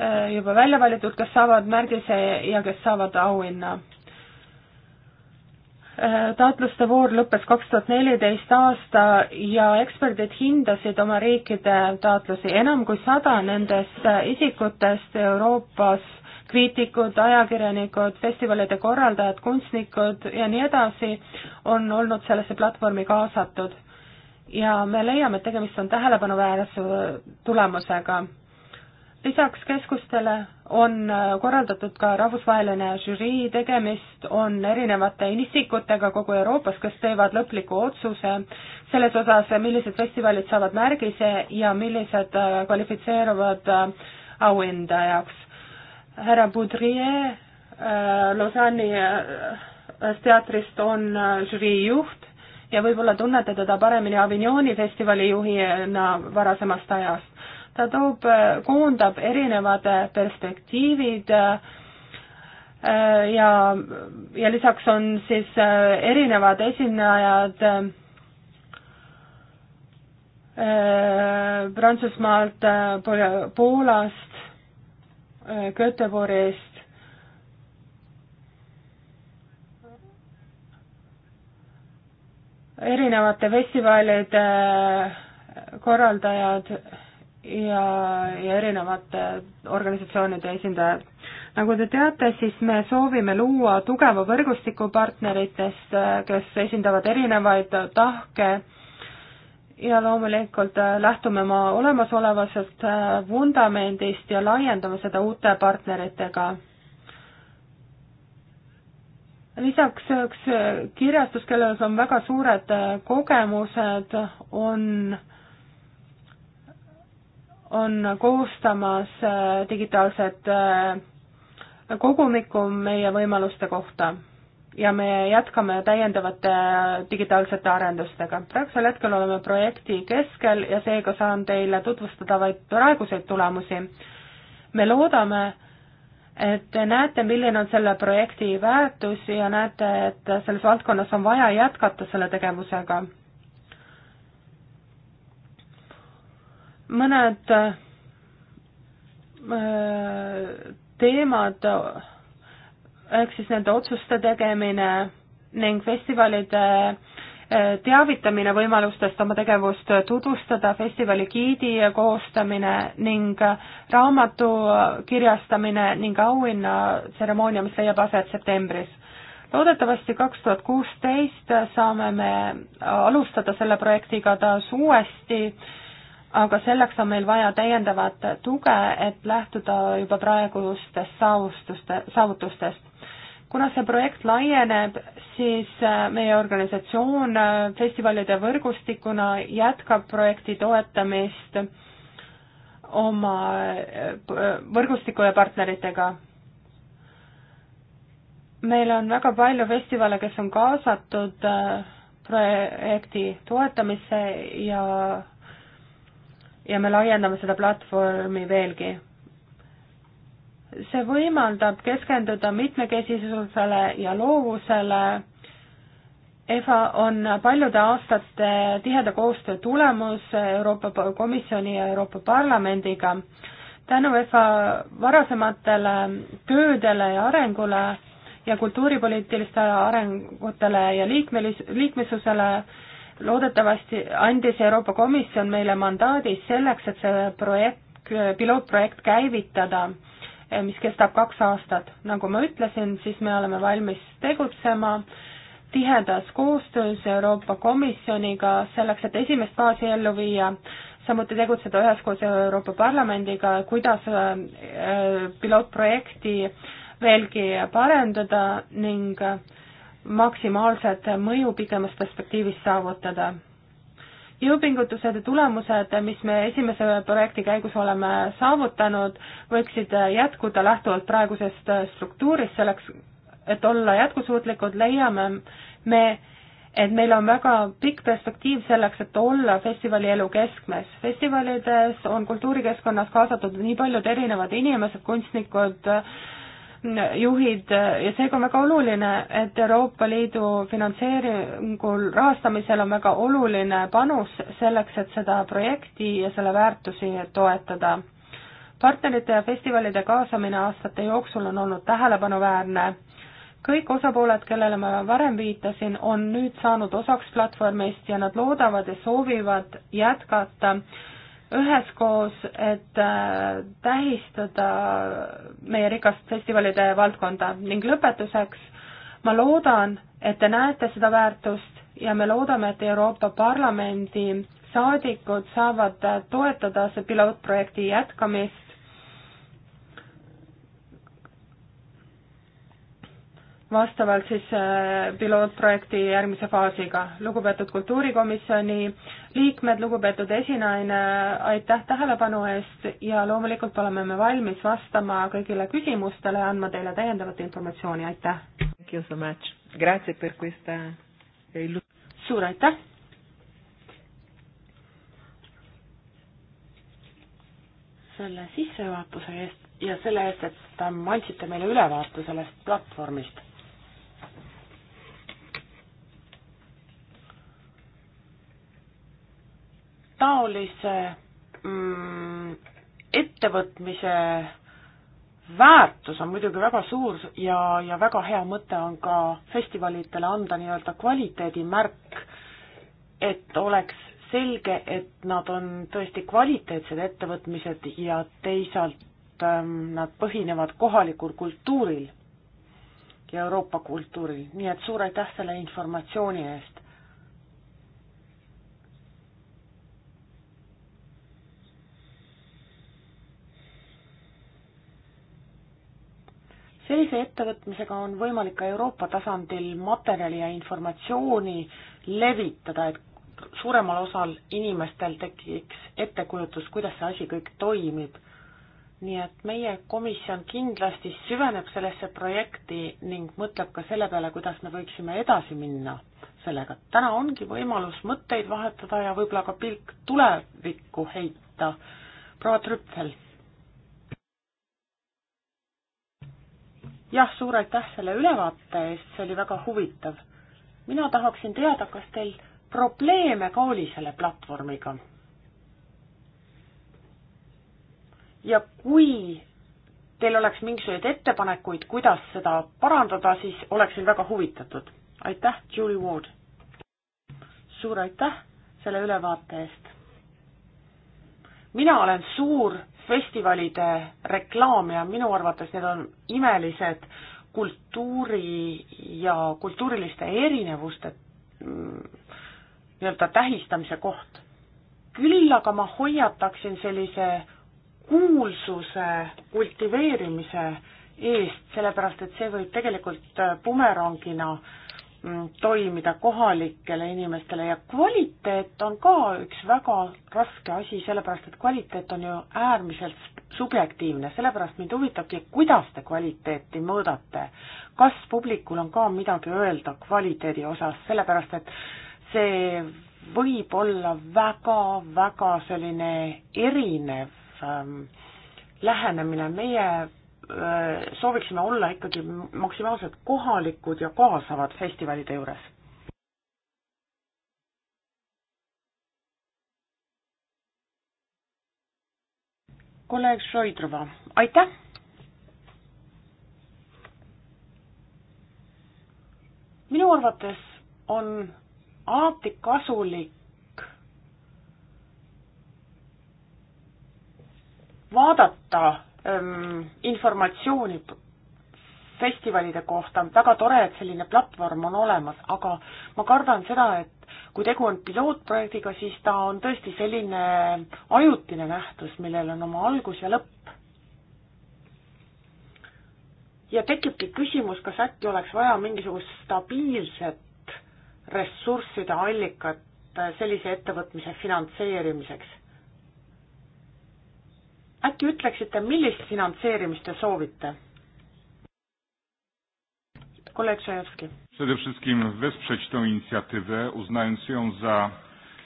äh, juba välja valitud, kes saavad märgise ja kes saavad auhinna taotluste voor lõppes kaks tuhat neliteist aasta ja eksperdid hindasid oma riikide taotlusi. enam kui sada nendest isikutest Euroopas, kriitikud, ajakirjanikud, festivalide korraldajad, kunstnikud ja nii edasi, on olnud sellesse platvormi kaasatud. ja me leiame, et tegemist on tähelepanuväärse tulemusega lisaks keskustele on äh, korraldatud ka rahvusvaheline žürii, tegemist on erinevate isikutega kogu Euroopas, kes teevad lõpliku otsuse selles osas, millised festivalid saavad märgise ja millised äh, kvalifitseeruvad äh, auhindajaks. härra Boudrier Lausanne'i teatrist on žürii juht ja võib-olla tunnete teda paremini Avignoni festivali juhina varasemast ajast ta toob, äh, koondab erinevad äh, perspektiivid äh, ja, ja lisaks on siis erinevad esinejad Prantsusmaalt, Poolast, Göteborgist, erinevate festivalide korraldajad ja, ja erinevate organisatsioonide esindajad. nagu te teate, siis me soovime luua tugeva võrgustiku partneritest, kes esindavad erinevaid tahke ja loomulikult lähtume ma olemasolevasest vundamendist ja laiendame seda uute partneritega lisaks üks kirjastus, kellel on väga suured kogemused, on on koostamas äh, digitaalset äh, kogumikku meie võimaluste kohta ja me jätkame täiendavate äh, digitaalsete arendustega. praegusel hetkel oleme projekti keskel ja seega saan teile tutvustada vaid praeguseid tulemusi. me loodame, et te näete, milline on selle projekti väärtus ja näete, et selles valdkonnas on vaja jätkata selle tegevusega. mõned äh, teemad ehk siis nende otsuste tegemine ning festivalide äh, teavitamine võimalustest oma tegevust tutvustada, festivali giidi koostamine ning raamatu kirjastamine ning auhinnatseremoonia, mis leiab aset septembris. loodetavasti kaks tuhat kuusteist saame me alustada selle projektiga taas uuesti äh, aga selleks on meil vaja täiendavat tuge, et lähtuda juba praegustest saavutuste, saavutustest. kuna see projekt laieneb, siis äh, meie organisatsioon äh, festivalide võrgustikuna jätkab projekti toetamist oma äh, võrgustiku ja partneritega. meil on väga palju festivale, kes on kaasatud projekti toetamisse ja ja me laiendame seda platvormi veelgi. see võimaldab keskenduda mitmekesisusele ja loovusele. EFA on paljude aastate tiheda koostöö tulemus Euroopa Komisjoni ja Euroopa Parlamendiga. tänu EFA varasematele töödele ja arengule ja kultuuripoliitilistele arengutele ja liikmelis-, liikmesusele loodetavasti andis Euroopa Komisjon meile mandaadi selleks, et see projekt, pilootprojekt käivitada, mis kestab kaks aastat. nagu ma ütlesin, siis me oleme valmis tegutsema tihedas koostöös Euroopa Komisjoniga selleks, et esimest faasi ellu viia, samuti tegutseda üheskoos Euroopa Parlamendiga, kuidas äh, pilootprojekti veelgi parendada ning äh, maksimaalset mõju pikemas perspektiivis saavutada. jõupingutused ja tulemused, mis me esimese projekti käigus oleme saavutanud, võiksid jätkuda lähtuvalt praegusest struktuurist, selleks et olla jätkusuutlikud, leiame me, et meil on väga pikk perspektiiv selleks, et olla festivali elu keskmes. festivalides on kultuurikeskkonnas kaasatud nii paljud erinevad inimesed, kunstnikud, juhid ja seega on väga oluline, et Euroopa Liidu finantseeringul, rahastamisel on väga oluline panus selleks, et seda projekti ja selle väärtusi toetada. partnerite ja festivalide kaasamine aastate jooksul on olnud tähelepanuväärne. kõik osapooled, kellele ma varem viitasin, on nüüd saanud osaks platvormist ja nad loodavad ja soovivad jätkata üheskoos, et äh, tähistada meie rikast festivalide valdkonda ning lõpetuseks ma loodan, et te näete seda väärtust ja me loodame, et Euroopa Parlamendi saadikud saavad toetada see pilootprojekti jätkamist vastavalt siis äh, pilootprojekti järgmise faasiga. lugupeetud kultuurikomisjoni liikmed, lugupeetud esinaine, aitäh tähelepanu eest ja loomulikult oleme me valmis vastama kõigile küsimustele ja andma teile täiendavat informatsiooni, aitäh! Eh, suur aitäh! selle sissejuhatuse eest ja selle eest, et andsite meile ülevaate sellest platvormist taolise mm, ettevõtmise väärtus on muidugi väga suur ja, ja väga hea mõte on ka festivalidele anda nii-öelda kvaliteedimärk, et oleks selge, et nad on tõesti kvaliteetsed ettevõtmised ja teisalt ähm, nad põhinevad kohalikul kultuuril ja Euroopa kultuuril, nii et suur aitäh selle informatsiooni eest. sellise ettevõtmisega on võimalik ka Euroopa tasandil materjali ja informatsiooni levitada, et suuremal osal inimestel tekiks ettekujutus, kuidas see asi kõik toimib. nii et meie komisjon kindlasti süveneb sellesse projekti ning mõtleb ka selle peale, kuidas me võiksime edasi minna sellega. täna ongi võimalus mõtteid vahetada ja võib-olla ka pilk tulevikku heita. proua Trüppel jah, suur aitäh selle ülevaate eest, see oli väga huvitav. mina tahaksin teada, kas teil probleeme ka oli selle platvormiga? ja kui teil oleks mingisuguseid ettepanekuid, kuidas seda parandada, siis oleksin väga huvitatud. aitäh, Julie Ward! suur aitäh selle ülevaate eest! mina olen suur festivalide reklaam ja minu arvates need on imelised kultuuri ja kultuuriliste erinevuste mm, nii-öelda tähistamise koht. küll aga ma hoiataksin sellise kuulsuse kultiveerimise eest, sellepärast et see võib tegelikult äh, bumerangina Mm, toimida kohalikele inimestele ja kvaliteet on ka üks väga raske asi, sellepärast et kvaliteet on ju äärmiselt subjektiivne, sellepärast mind huvitabki, kuidas te kvaliteeti mõõdate. kas publikul on ka midagi öelda kvaliteedi osas, sellepärast et see võib olla väga-väga selline erinev ähm, lähenemine, meie Äh, sooviksime olla ikkagi maksimaalselt kohalikud ja kaasavad festivalide juures. kolleeg Šoidrova, aitäh! minu arvates on alati kasulik vaadata ähm, informatsiooni festivalide kohta, väga tore, et selline platvorm on olemas, aga ma kardan seda, et kui tegu on pilootprojektiga, siis ta on tõesti selline ajutine nähtus, millel on oma algus ja lõpp. ja tekibki küsimus, kas äkki oleks vaja mingisugust stabiilset ressursside allikat sellise ettevõtmise finantseerimiseks äkki ütleksite, millist finantseerimist te soovite? kolleeg Šajevski. Przede wszystkim wesprzeć tę inicjatywę, uznając ją za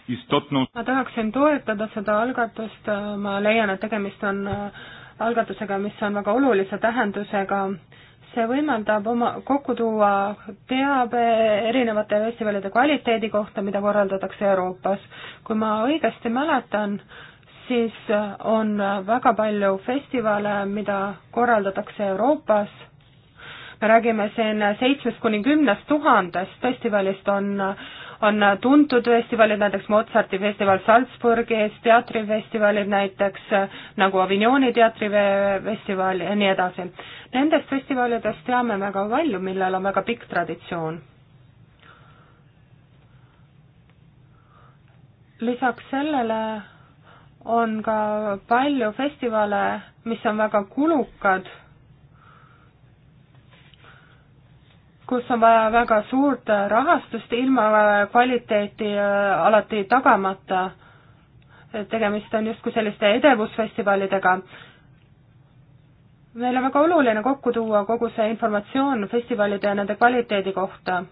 istotną. ma tahaksin toetada seda algatust, ma leian, et tegemist on äh, algatusega, mis on väga olulise tähendusega. see võimaldab oma, kokku tuua teabe erinevate festivalide kvaliteedi kohta, mida korraldatakse Euroopas. kui ma õigesti mäletan, siis äh, on äh, väga palju festivale, mida korraldatakse Euroopas, me räägime siin seitsmest kuni kümnest tuhandest festivalist, on, on tuntud festivalid, näiteks Mozarti festival Salzburgis, teatrifestivalid näiteks, nagu Avignoni teatrifestival ja nii edasi. Nendest festivalidest teame väga palju, millel on väga pikk traditsioon lisaks sellele on ka palju festivale, mis on väga kulukad, kus on vaja väga suurt rahastust ilma kvaliteeti äh, alati tagamata. tegemist on justkui selliste edevusfestivalidega. meil on väga oluline kokku tuua kogu see informatsioon festivalide ja nende kvaliteedi kohta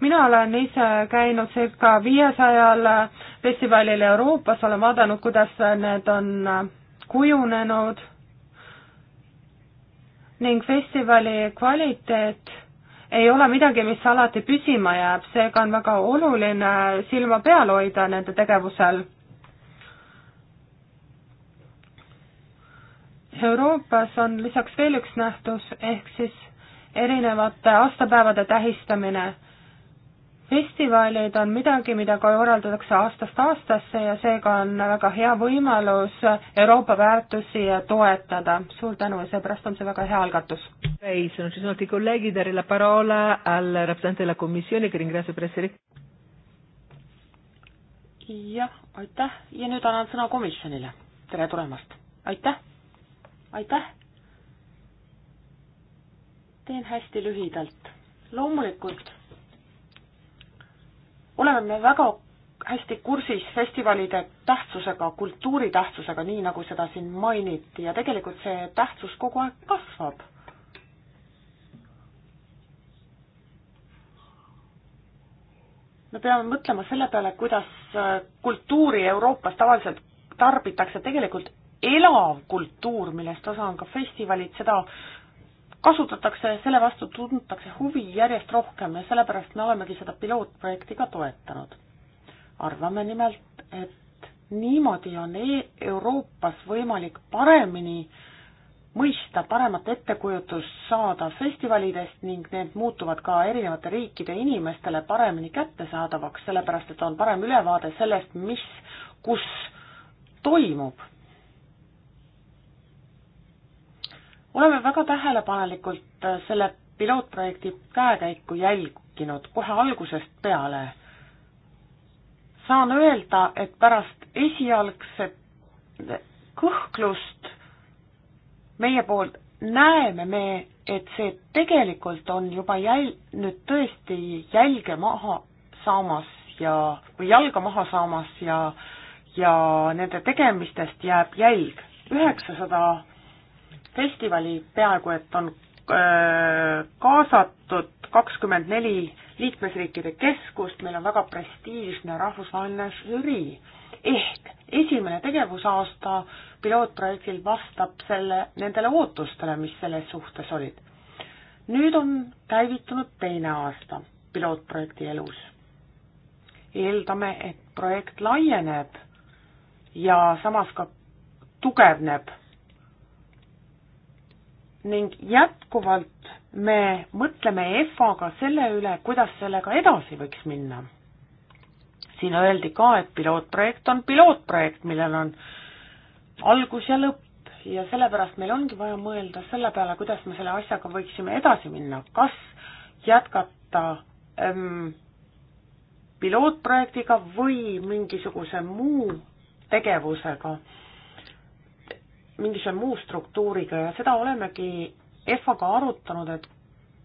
mina olen ise käinud circa viiesajal festivalil Euroopas, olen vaadanud, kuidas need on kujunenud ning festivali kvaliteet ei ole midagi, mis alati püsima jääb, seega on väga oluline silma peal hoida nende tegevusel. Euroopas on lisaks veel üks nähtus, ehk siis erinevate aastapäevade tähistamine festivalid on midagi, mida korraldatakse aastast aastasse ja seega on väga hea võimalus Euroopa väärtusi toetada. suur tänu ja seepärast on see väga hea algatus. jah, aitäh ja nüüd annan sõna komisjonile. tere tulemast, aitäh, aitäh. teen hästi lühidalt. loomulikult oleme me väga hästi kursis festivalide tähtsusega, kultuuri tähtsusega, nii nagu seda siin mainiti ja tegelikult see tähtsus kogu aeg kasvab. me peame mõtlema selle peale, kuidas äh, kultuuri Euroopas tavaliselt tarbitakse, tegelikult elav kultuur, millest osa on ka festivalid, seda kasutatakse, selle vastu tuntakse huvi järjest rohkem ja sellepärast me olemegi seda pilootprojekti ka toetanud. arvame nimelt, et niimoodi on e Euroopas võimalik paremini mõista, paremat ettekujutust saada festivalidest ning need muutuvad ka erinevate riikide inimestele paremini kättesaadavaks, sellepärast et on parem ülevaade sellest, mis kus toimub oleme väga tähelepanelikult äh, selle pilootprojekti käekäiku jälginud kohe algusest peale. saan öelda, et pärast esialgset kõhklust meie poolt näeme me, et see tegelikult on juba jäl-, nüüd tõesti jälge maha saamas ja, või jalga maha saamas ja, ja nende tegemistest jääb jälg. üheksasada festivali peaaegu et on kaasatud kakskümmend neli liikmesriikide keskust, meil on väga prestiižne rahvusvaheline žürii. ehk esimene tegevusaasta pilootprojektil vastab selle, nendele ootustele, mis selles suhtes olid. nüüd on käivitunud teine aasta pilootprojekti elus. eeldame, et projekt laieneb ja samas ka tugevneb ning jätkuvalt me mõtleme EFA-ga selle üle, kuidas sellega edasi võiks minna. siin öeldi ka, et pilootprojekt on pilootprojekt, millel on algus ja lõpp ja sellepärast meil ongi vaja mõelda selle peale, kuidas me selle asjaga võiksime edasi minna, kas jätkata ähm, pilootprojektiga või mingisuguse muu tegevusega mingisuguse muu struktuuriga ja seda olemegi EFA-ga arutanud, et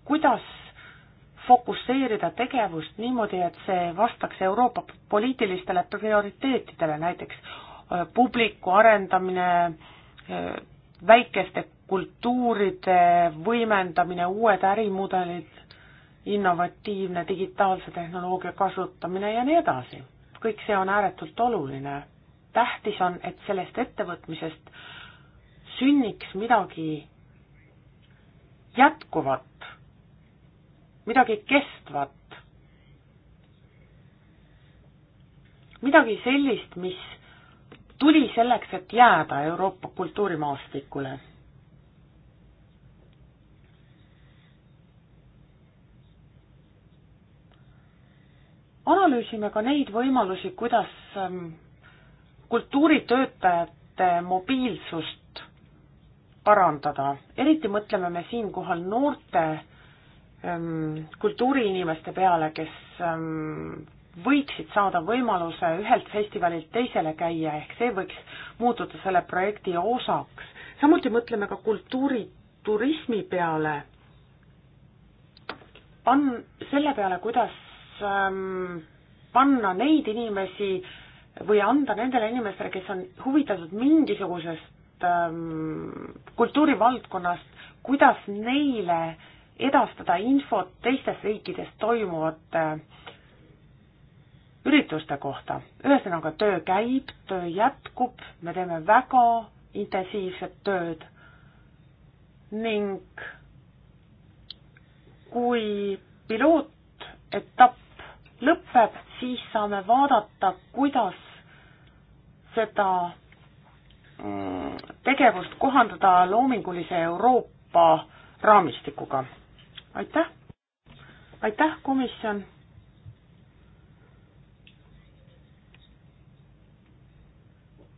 kuidas fokusseerida tegevust niimoodi, et see vastaks Euroopa poliitilistele prioriteetidele, näiteks äh, publiku arendamine, äh, väikeste kultuuride võimendamine, uued ärimudelid, innovatiivne digitaalse tehnoloogia kasutamine ja nii edasi. kõik see on ääretult oluline. tähtis on, et sellest ettevõtmisest äh, sünniks midagi jätkuvat, midagi kestvat. midagi sellist, mis tuli selleks, et jääda Euroopa kultuurimaastikule analüüsime ka neid võimalusi, kuidas ähm, kultuuritöötajate mobiilsust parandada, eriti mõtleme me siinkohal noorte ähm, kultuuriinimeste peale, kes ähm, võiksid saada võimaluse ühelt festivalilt teisele käia, ehk see võiks muutuda selle projekti osaks. samuti mõtleme ka kultuuriturismi peale, pan-, selle peale, kuidas ähm, panna neid inimesi või anda nendele inimestele, kes on huvitatud mingisugusest Ähm, kultuurivaldkonnast, kuidas neile edastada infot teistes riikides toimuvate äh, ürituste kohta. ühesõnaga, töö käib, töö jätkub, me teeme väga intensiivset tööd ning kui pilootetapp lõpeb, siis saame vaadata, kuidas seda tegevust kohandada loomingulise Euroopa raamistikuga. aitäh! aitäh, komisjon!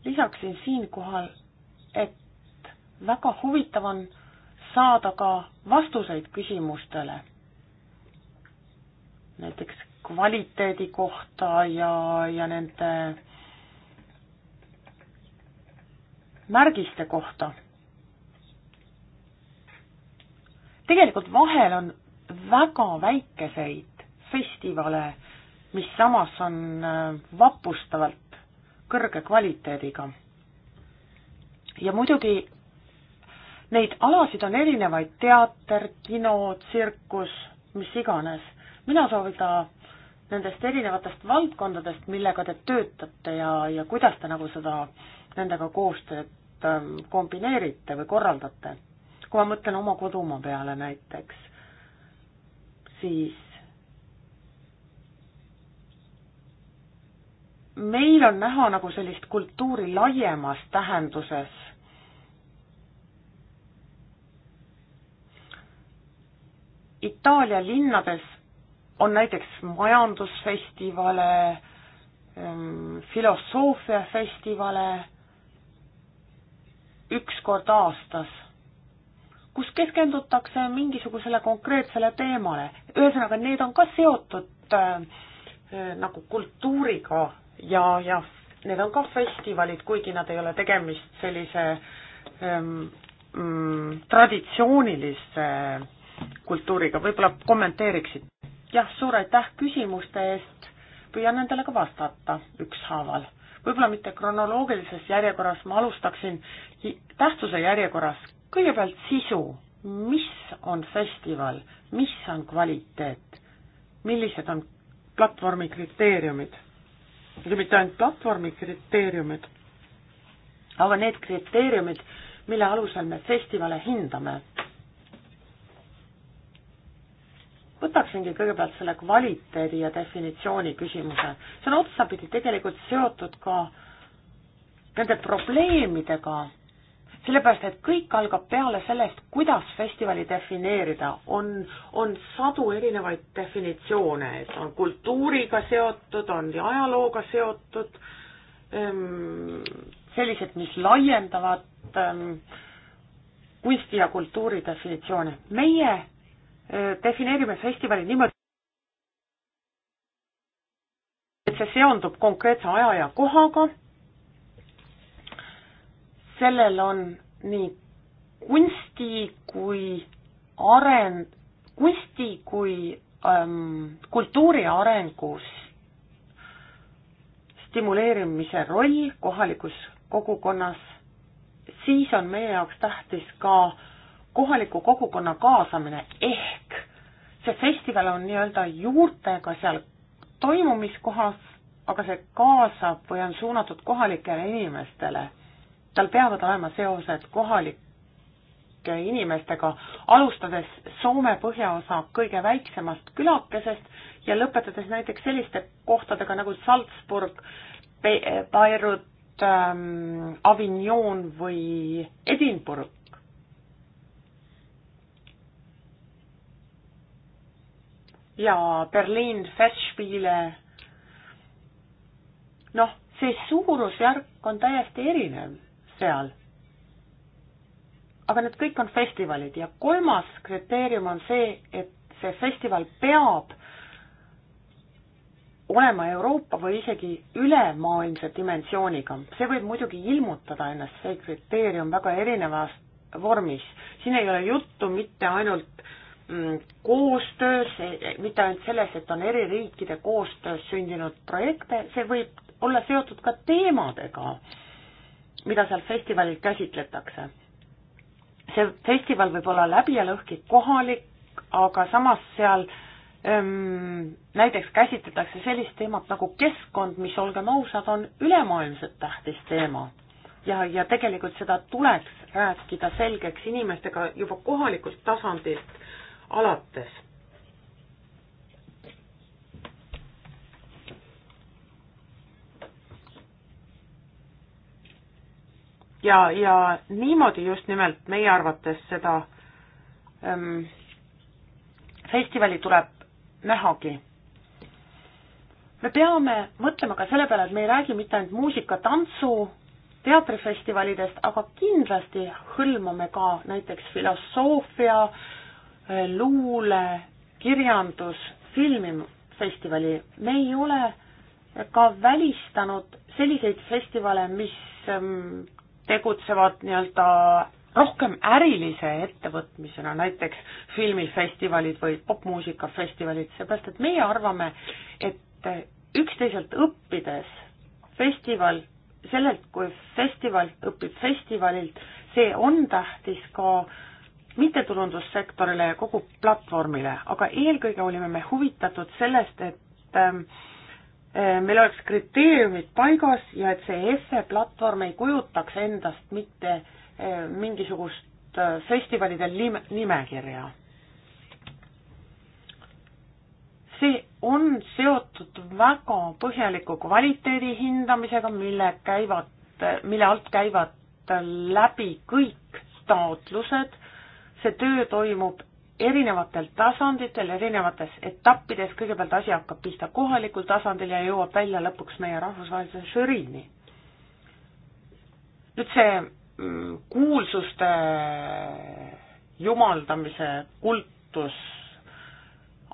lisaksin siinkohal, et väga huvitav on saada ka vastuseid küsimustele, näiteks kvaliteedi kohta ja, ja nende märgiste kohta. tegelikult vahel on väga väikeseid festivale, mis samas on äh, vapustavalt kõrge kvaliteediga. ja muidugi neid alasid on erinevaid, teater, kino, tsirkus, mis iganes. mina soovida nendest erinevatest valdkondadest, millega te töötate ja, ja kuidas te nagu seda, nendega koostööd Ähm, kombineerite või korraldate. kui ma mõtlen oma kodumaa peale näiteks, siis meil on näha nagu sellist kultuuri laiemas tähenduses. Itaalia linnades on näiteks majandusfestivale, ähm, filosoofiafestivale üks kord aastas, kus keskendutakse mingisugusele konkreetsele teemale. ühesõnaga, need on ka seotud äh, äh, nagu kultuuriga ja, ja need on ka festivalid, kuigi nad ei ole tegemist sellise ähm, mm, traditsioonilise kultuuriga, võib-olla kommenteeriksid? jah, suur aitäh küsimuste eest, püüan nendele ka vastata ükshaaval võib-olla mitte kronoloogilises järjekorras, ma alustaksin tähtsuse järjekorras. kõigepealt sisu, mis on festival, mis on kvaliteet, millised on platvormi kriteeriumid, ja mitte ainult platvormi kriteeriumid, aga need kriteeriumid, mille alusel me festivale hindame võtaksingi kõigepealt selle kvaliteedi ja definitsiooni küsimuse. see on otsapidi tegelikult seotud ka nende probleemidega, sellepärast et kõik algab peale sellest, kuidas festivali defineerida. on, on sadu erinevaid definitsioone, et on kultuuriga seotud, on ajalooga seotud, ehm, sellised, mis laiendavad ehm, kunsti ja kultuuri definitsioone. meie defineerime festivali niimoodi, et see seondub konkreetse aja ja kohaga, sellel on nii kunsti kui areng, kunsti kui ähm, kultuuri arengus stimuleerimise roll kohalikus kogukonnas, siis on meie jaoks tähtis ka äh, kohaliku kogukonna kaasamine ehk see festival on nii-öelda juurtega seal toimumiskohas, aga see kaasab või on suunatud kohalikele inimestele. tal peavad olema seosed kohalike inimestega, alustades Soome põhjaosa kõige väiksemast külakesest ja lõpetades näiteks selliste kohtadega nagu Salzburg, Beirut ähm,, Avignon või Edinburgh ja Berliin Festspiele. noh, see suurusjärk on täiesti erinev seal. aga need kõik on festivalid ja kolmas kriteerium on see, et see festival peab olema Euroopa või isegi ülemaailmse dimensiooniga. see võib muidugi ilmutada ennast, see kriteerium väga erinevas vormis. siin ei ole juttu mitte ainult Mm, koostöös, mitte ainult selles, et on eri riikide koostöös sündinud projekte, see võib olla seotud ka teemadega, mida seal festivalil käsitletakse. see festival võib olla läbi ja lõhki kohalik, aga samas seal öm, mm, näiteks käsitletakse sellist teemat nagu keskkond, mis olgem ausad, on ülemaailmselt tähtis teema. ja, ja tegelikult seda tuleks rääkida selgeks inimestega juba kohalikult tasandilt alates. ja, ja niimoodi just nimelt meie arvates seda ähm, festivali tuleb nähagi me peame mõtlema ka selle peale, et me ei räägi mitte ainult muusika, tantsu, teatrifestivalidest, aga kindlasti hõlmame ka näiteks filosoofia, luule, kirjandus, filmifestivali. me ei ole ka välistanud selliseid festivale, mis ähm, tegutsevad nii-öelda rohkem ärilise ettevõtmisena, näiteks filmifestivalid või popmuusikafestivalid, seepärast et meie arvame, et üksteiselt õppides festival, sellelt, kui festival õpib festivalilt, see on tähtis ka äh, mittetulundussektorile ja kogu platvormile, aga eelkõige olime me huvitatud sellest, et ähm, äh, meil oleks kriteeriumid paigas ja et see ESSE platvorm ei kujutaks endast mitte äh, mingisugust äh, festivalide lim-, nimekirja. see on seotud väga põhjaliku kvaliteedi hindamisega, mille käivad, mille alt käivad läbi kõik taotlused see töö toimub erinevatel tasanditel, erinevates etappides, kõigepealt asi hakkab pihta kohalikul tasandil ja jõuab välja lõpuks meie rahvusvahelise žüriini. nüüd see mm, kuulsuste jumaldamise kultus,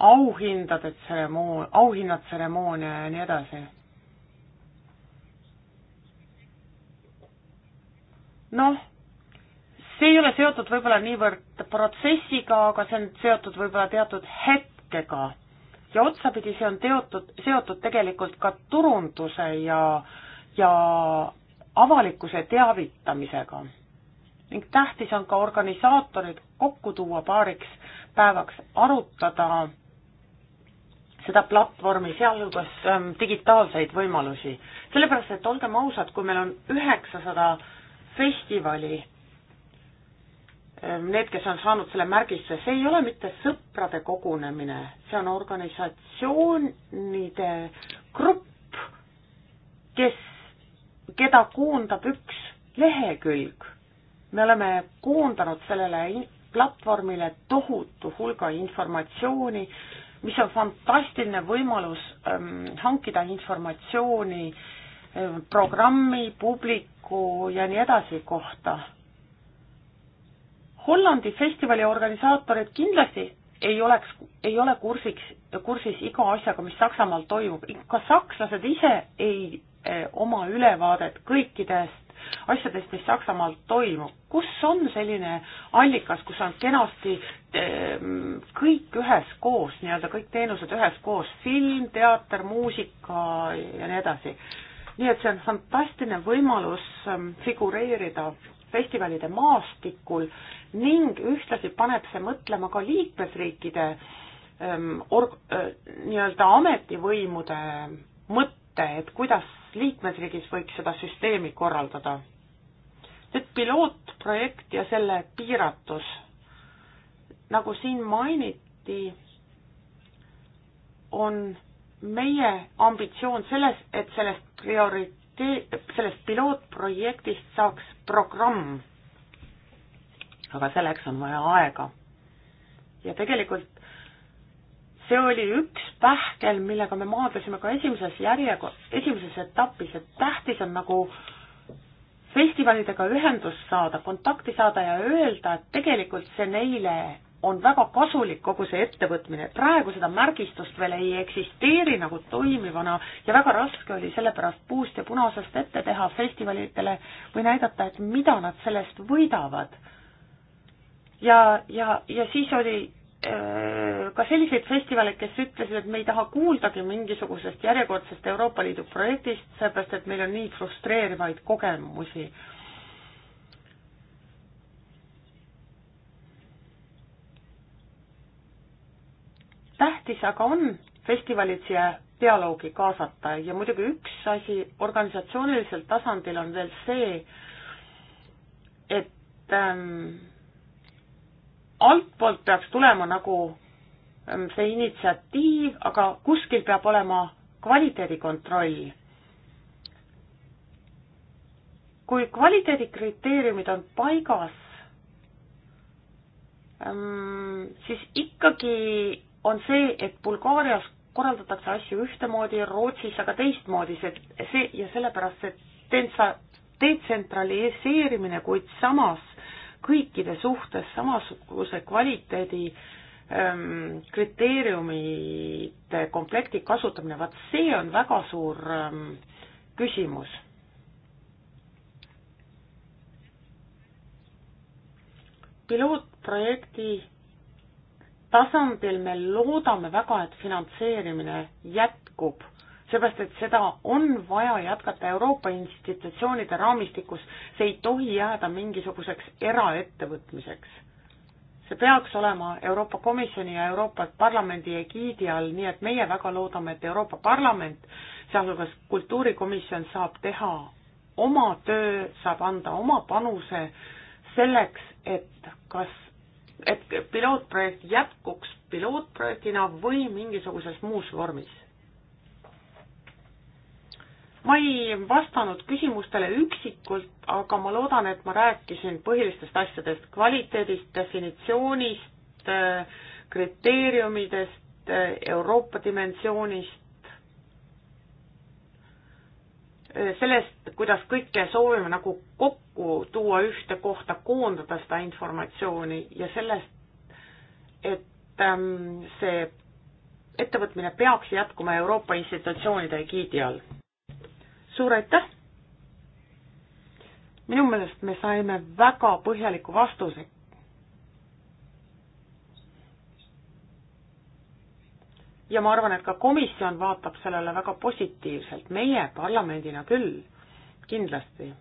auhindade tseremoon-, auhinnatseremoonia ja nii edasi. noh see ei ole seotud võib-olla niivõrd protsessiga, aga see on seotud võib-olla teatud hetkega. ja otsapidi see on teotud, seotud tegelikult ka turunduse ja, ja avalikkuse teavitamisega. ning tähtis on ka organisaatorid kokku tuua paariks päevaks, arutada seda platvormi, sealhulgas ähm, digitaalseid võimalusi. sellepärast, et olgem ausad, kui meil on üheksasada festivali Ehm, need, kes on saanud selle märgise, see ei ole mitte sõprade kogunemine, see on organisatsioonide grupp, kes, keda koondab üks lehekülg. me oleme koondanud sellele platvormile tohutu hulga informatsiooni, mis on fantastiline võimalus ähm, hankida informatsiooni ähm, programmi, publiku ja nii edasi kohta Hollandi festivali organisaatorid kindlasti ei oleks, ei ole kursiks, kursis iga asjaga, mis Saksamaal toimub, ka sakslased ise ei eh, oma ülevaadet kõikidest asjadest, mis Saksamaal toimub. kus on selline allikas, kus on kenasti eh, kõik üheskoos, nii-öelda kõik teenused üheskoos, film, teater, muusika ja nii edasi. nii et see on fantastiline võimalus ehm, figureerida festivalide maastikul ning ühtlasi paneb see mõtlema ka liikmesriikide ähm, org-, äh, nii-öelda ametivõimude mõtte, et kuidas liikmesriigis võiks seda süsteemi korraldada. nüüd pilootprojekt ja selle piiratus. nagu siin mainiti, on meie ambitsioon selles, et sellest priori-, sellest pilootprojektist saaks programm. aga selleks on vaja aega. ja tegelikult see oli üks pähkel, millega me maadlesime ka esimeses järjekor-, esimeses etapis, et tähtis on nagu festivalidega ühendust saada, kontakti saada ja öelda, et tegelikult see neile on väga kasulik kogu see ettevõtmine, praegu seda märgistust veel ei eksisteeri nagu toimivana ja väga raske oli sellepärast puust ja punasest ette teha festivalidele või näidata, et mida nad sellest võidavad. ja, ja, ja siis oli äh, ka selliseid festivale, kes ütlesid, et me ei taha kuuldagi mingisugusest järjekordsest Euroopa Liidu projektist, sellepärast et meil on nii frustreerivaid kogemusi tähtis aga on festivalid siia dialoogi kaasata ja muidugi üks asi organisatsioonilisel tasandil on veel see, et ähm, altpoolt peaks tulema nagu ähm, see initsiatiiv, aga kuskil peab olema kvaliteedikontroll. kui kvaliteedikriteeriumid on paigas ähm,, siis ikkagi on see, et Bulgaarias korraldatakse asju ühtemoodi, Rootsis aga teistmoodi, see, see ja sellepärast see tentsa, detsentraliseerimine, kuid samas kõikide suhtes samasuguse kvaliteedi ähm, kriteeriumite komplekti kasutamine, vaat see on väga suur ähm, küsimus pilootprojekti tasandil me loodame väga, et finantseerimine jätkub, seepärast et seda on vaja jätkata Euroopa institutsioonide raamistikus, see ei tohi jääda mingisuguseks eraettevõtmiseks. see peaks olema Euroopa Komisjoni ja Euroopa Parlamendi egiidi all, nii et meie väga loodame, et Euroopa Parlament, sealhulgas Kultuurikomisjon, saab teha oma töö, saab anda oma panuse selleks, et kas et pilootprojekt jätkuks pilootprojektina või mingisuguses muus vormis. ma ei vastanud küsimustele üksikult, aga ma loodan, et ma rääkisin põhilistest asjadest, kvaliteedist, definitsioonist, äh, kriteeriumidest, äh, Euroopa dimensioonist, sellest, kuidas kõike soovime nagu kokku tuua ühte kohta, koondada seda informatsiooni ja sellest, et ähm, see ettevõtmine peaks jätkuma Euroopa institutsioonide egiidi all. suur aitäh! minu meelest me saime väga põhjaliku vastuse ja ma arvan, et ka komisjon vaatab sellele väga positiivselt, meie parlamendina küll, kindlasti.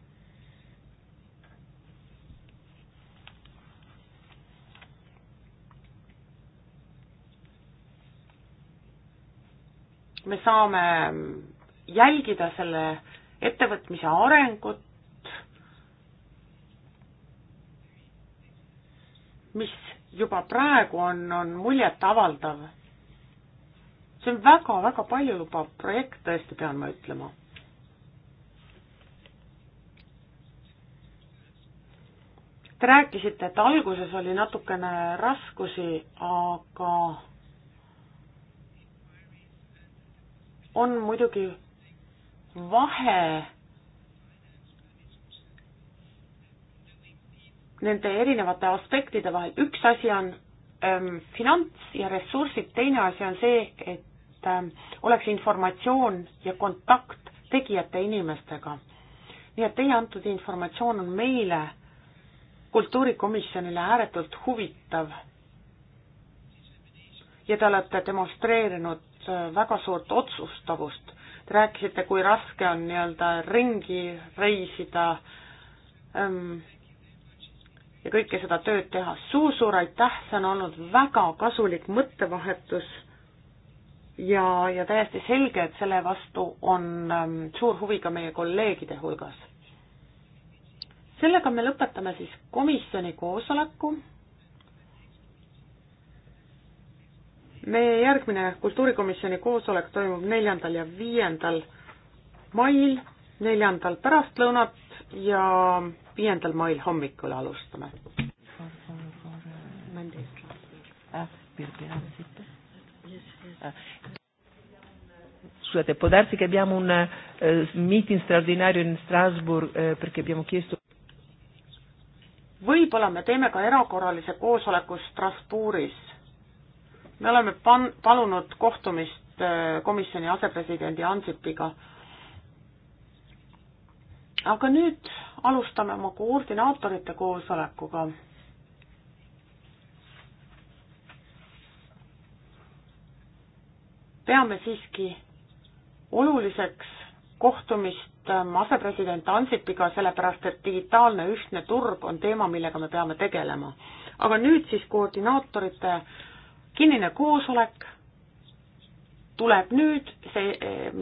me saame jälgida selle ettevõtmise arengut, mis juba praegu on, on muljetavaldav see on väga-väga palju lubav projekt, tõesti pean ma ütlema. Te rääkisite, et alguses oli natukene raskusi, aga on muidugi vahe nende erinevate aspektide vahel, üks asi on ähm, finants ja ressursid, teine asi on see, et et ähm, oleks informatsioon ja kontakt tegijate inimestega. nii et teie antud informatsioon on meile, kultuurikomisjonile ääretult huvitav. ja te olete demonstreerinud äh, väga suurt otsustavust. Te rääkisite, kui raske on nii-öelda ringi reisida ähm, ja kõike seda tööd teha. suur-suur aitäh, see on olnud väga kasulik mõttevahetus ja, ja täiesti selge, et selle vastu on ähm, suur huvi ka meie kolleegide hulgas. sellega me lõpetame siis komisjoni koosoleku. meie järgmine kultuurikomisjoni koosolek toimub neljandal ja viiendal mail, neljandal pärastlõunat ja viiendal mail hommikul alustame. Uh, yes, ah, ah, yes scusate, può darsi che abbiamo un eh, meeting straordinario in Strasburg eh, perché abbiamo chiesto võib-olla me teeme ka erakorralise koosoleku Strasbourgis. me oleme pan-, palunud kohtumist eh, komisjoni asepresidendi Ansipiga. aga nüüd alustame oma koordinaatorite koosolekuga peame siiski oluliseks kohtumist asepresident Ansipiga, sellepärast et digitaalne ühtne turg on teema, millega me peame tegelema. aga nüüd siis koordinaatorite kinnine koosolek tuleb nüüd, see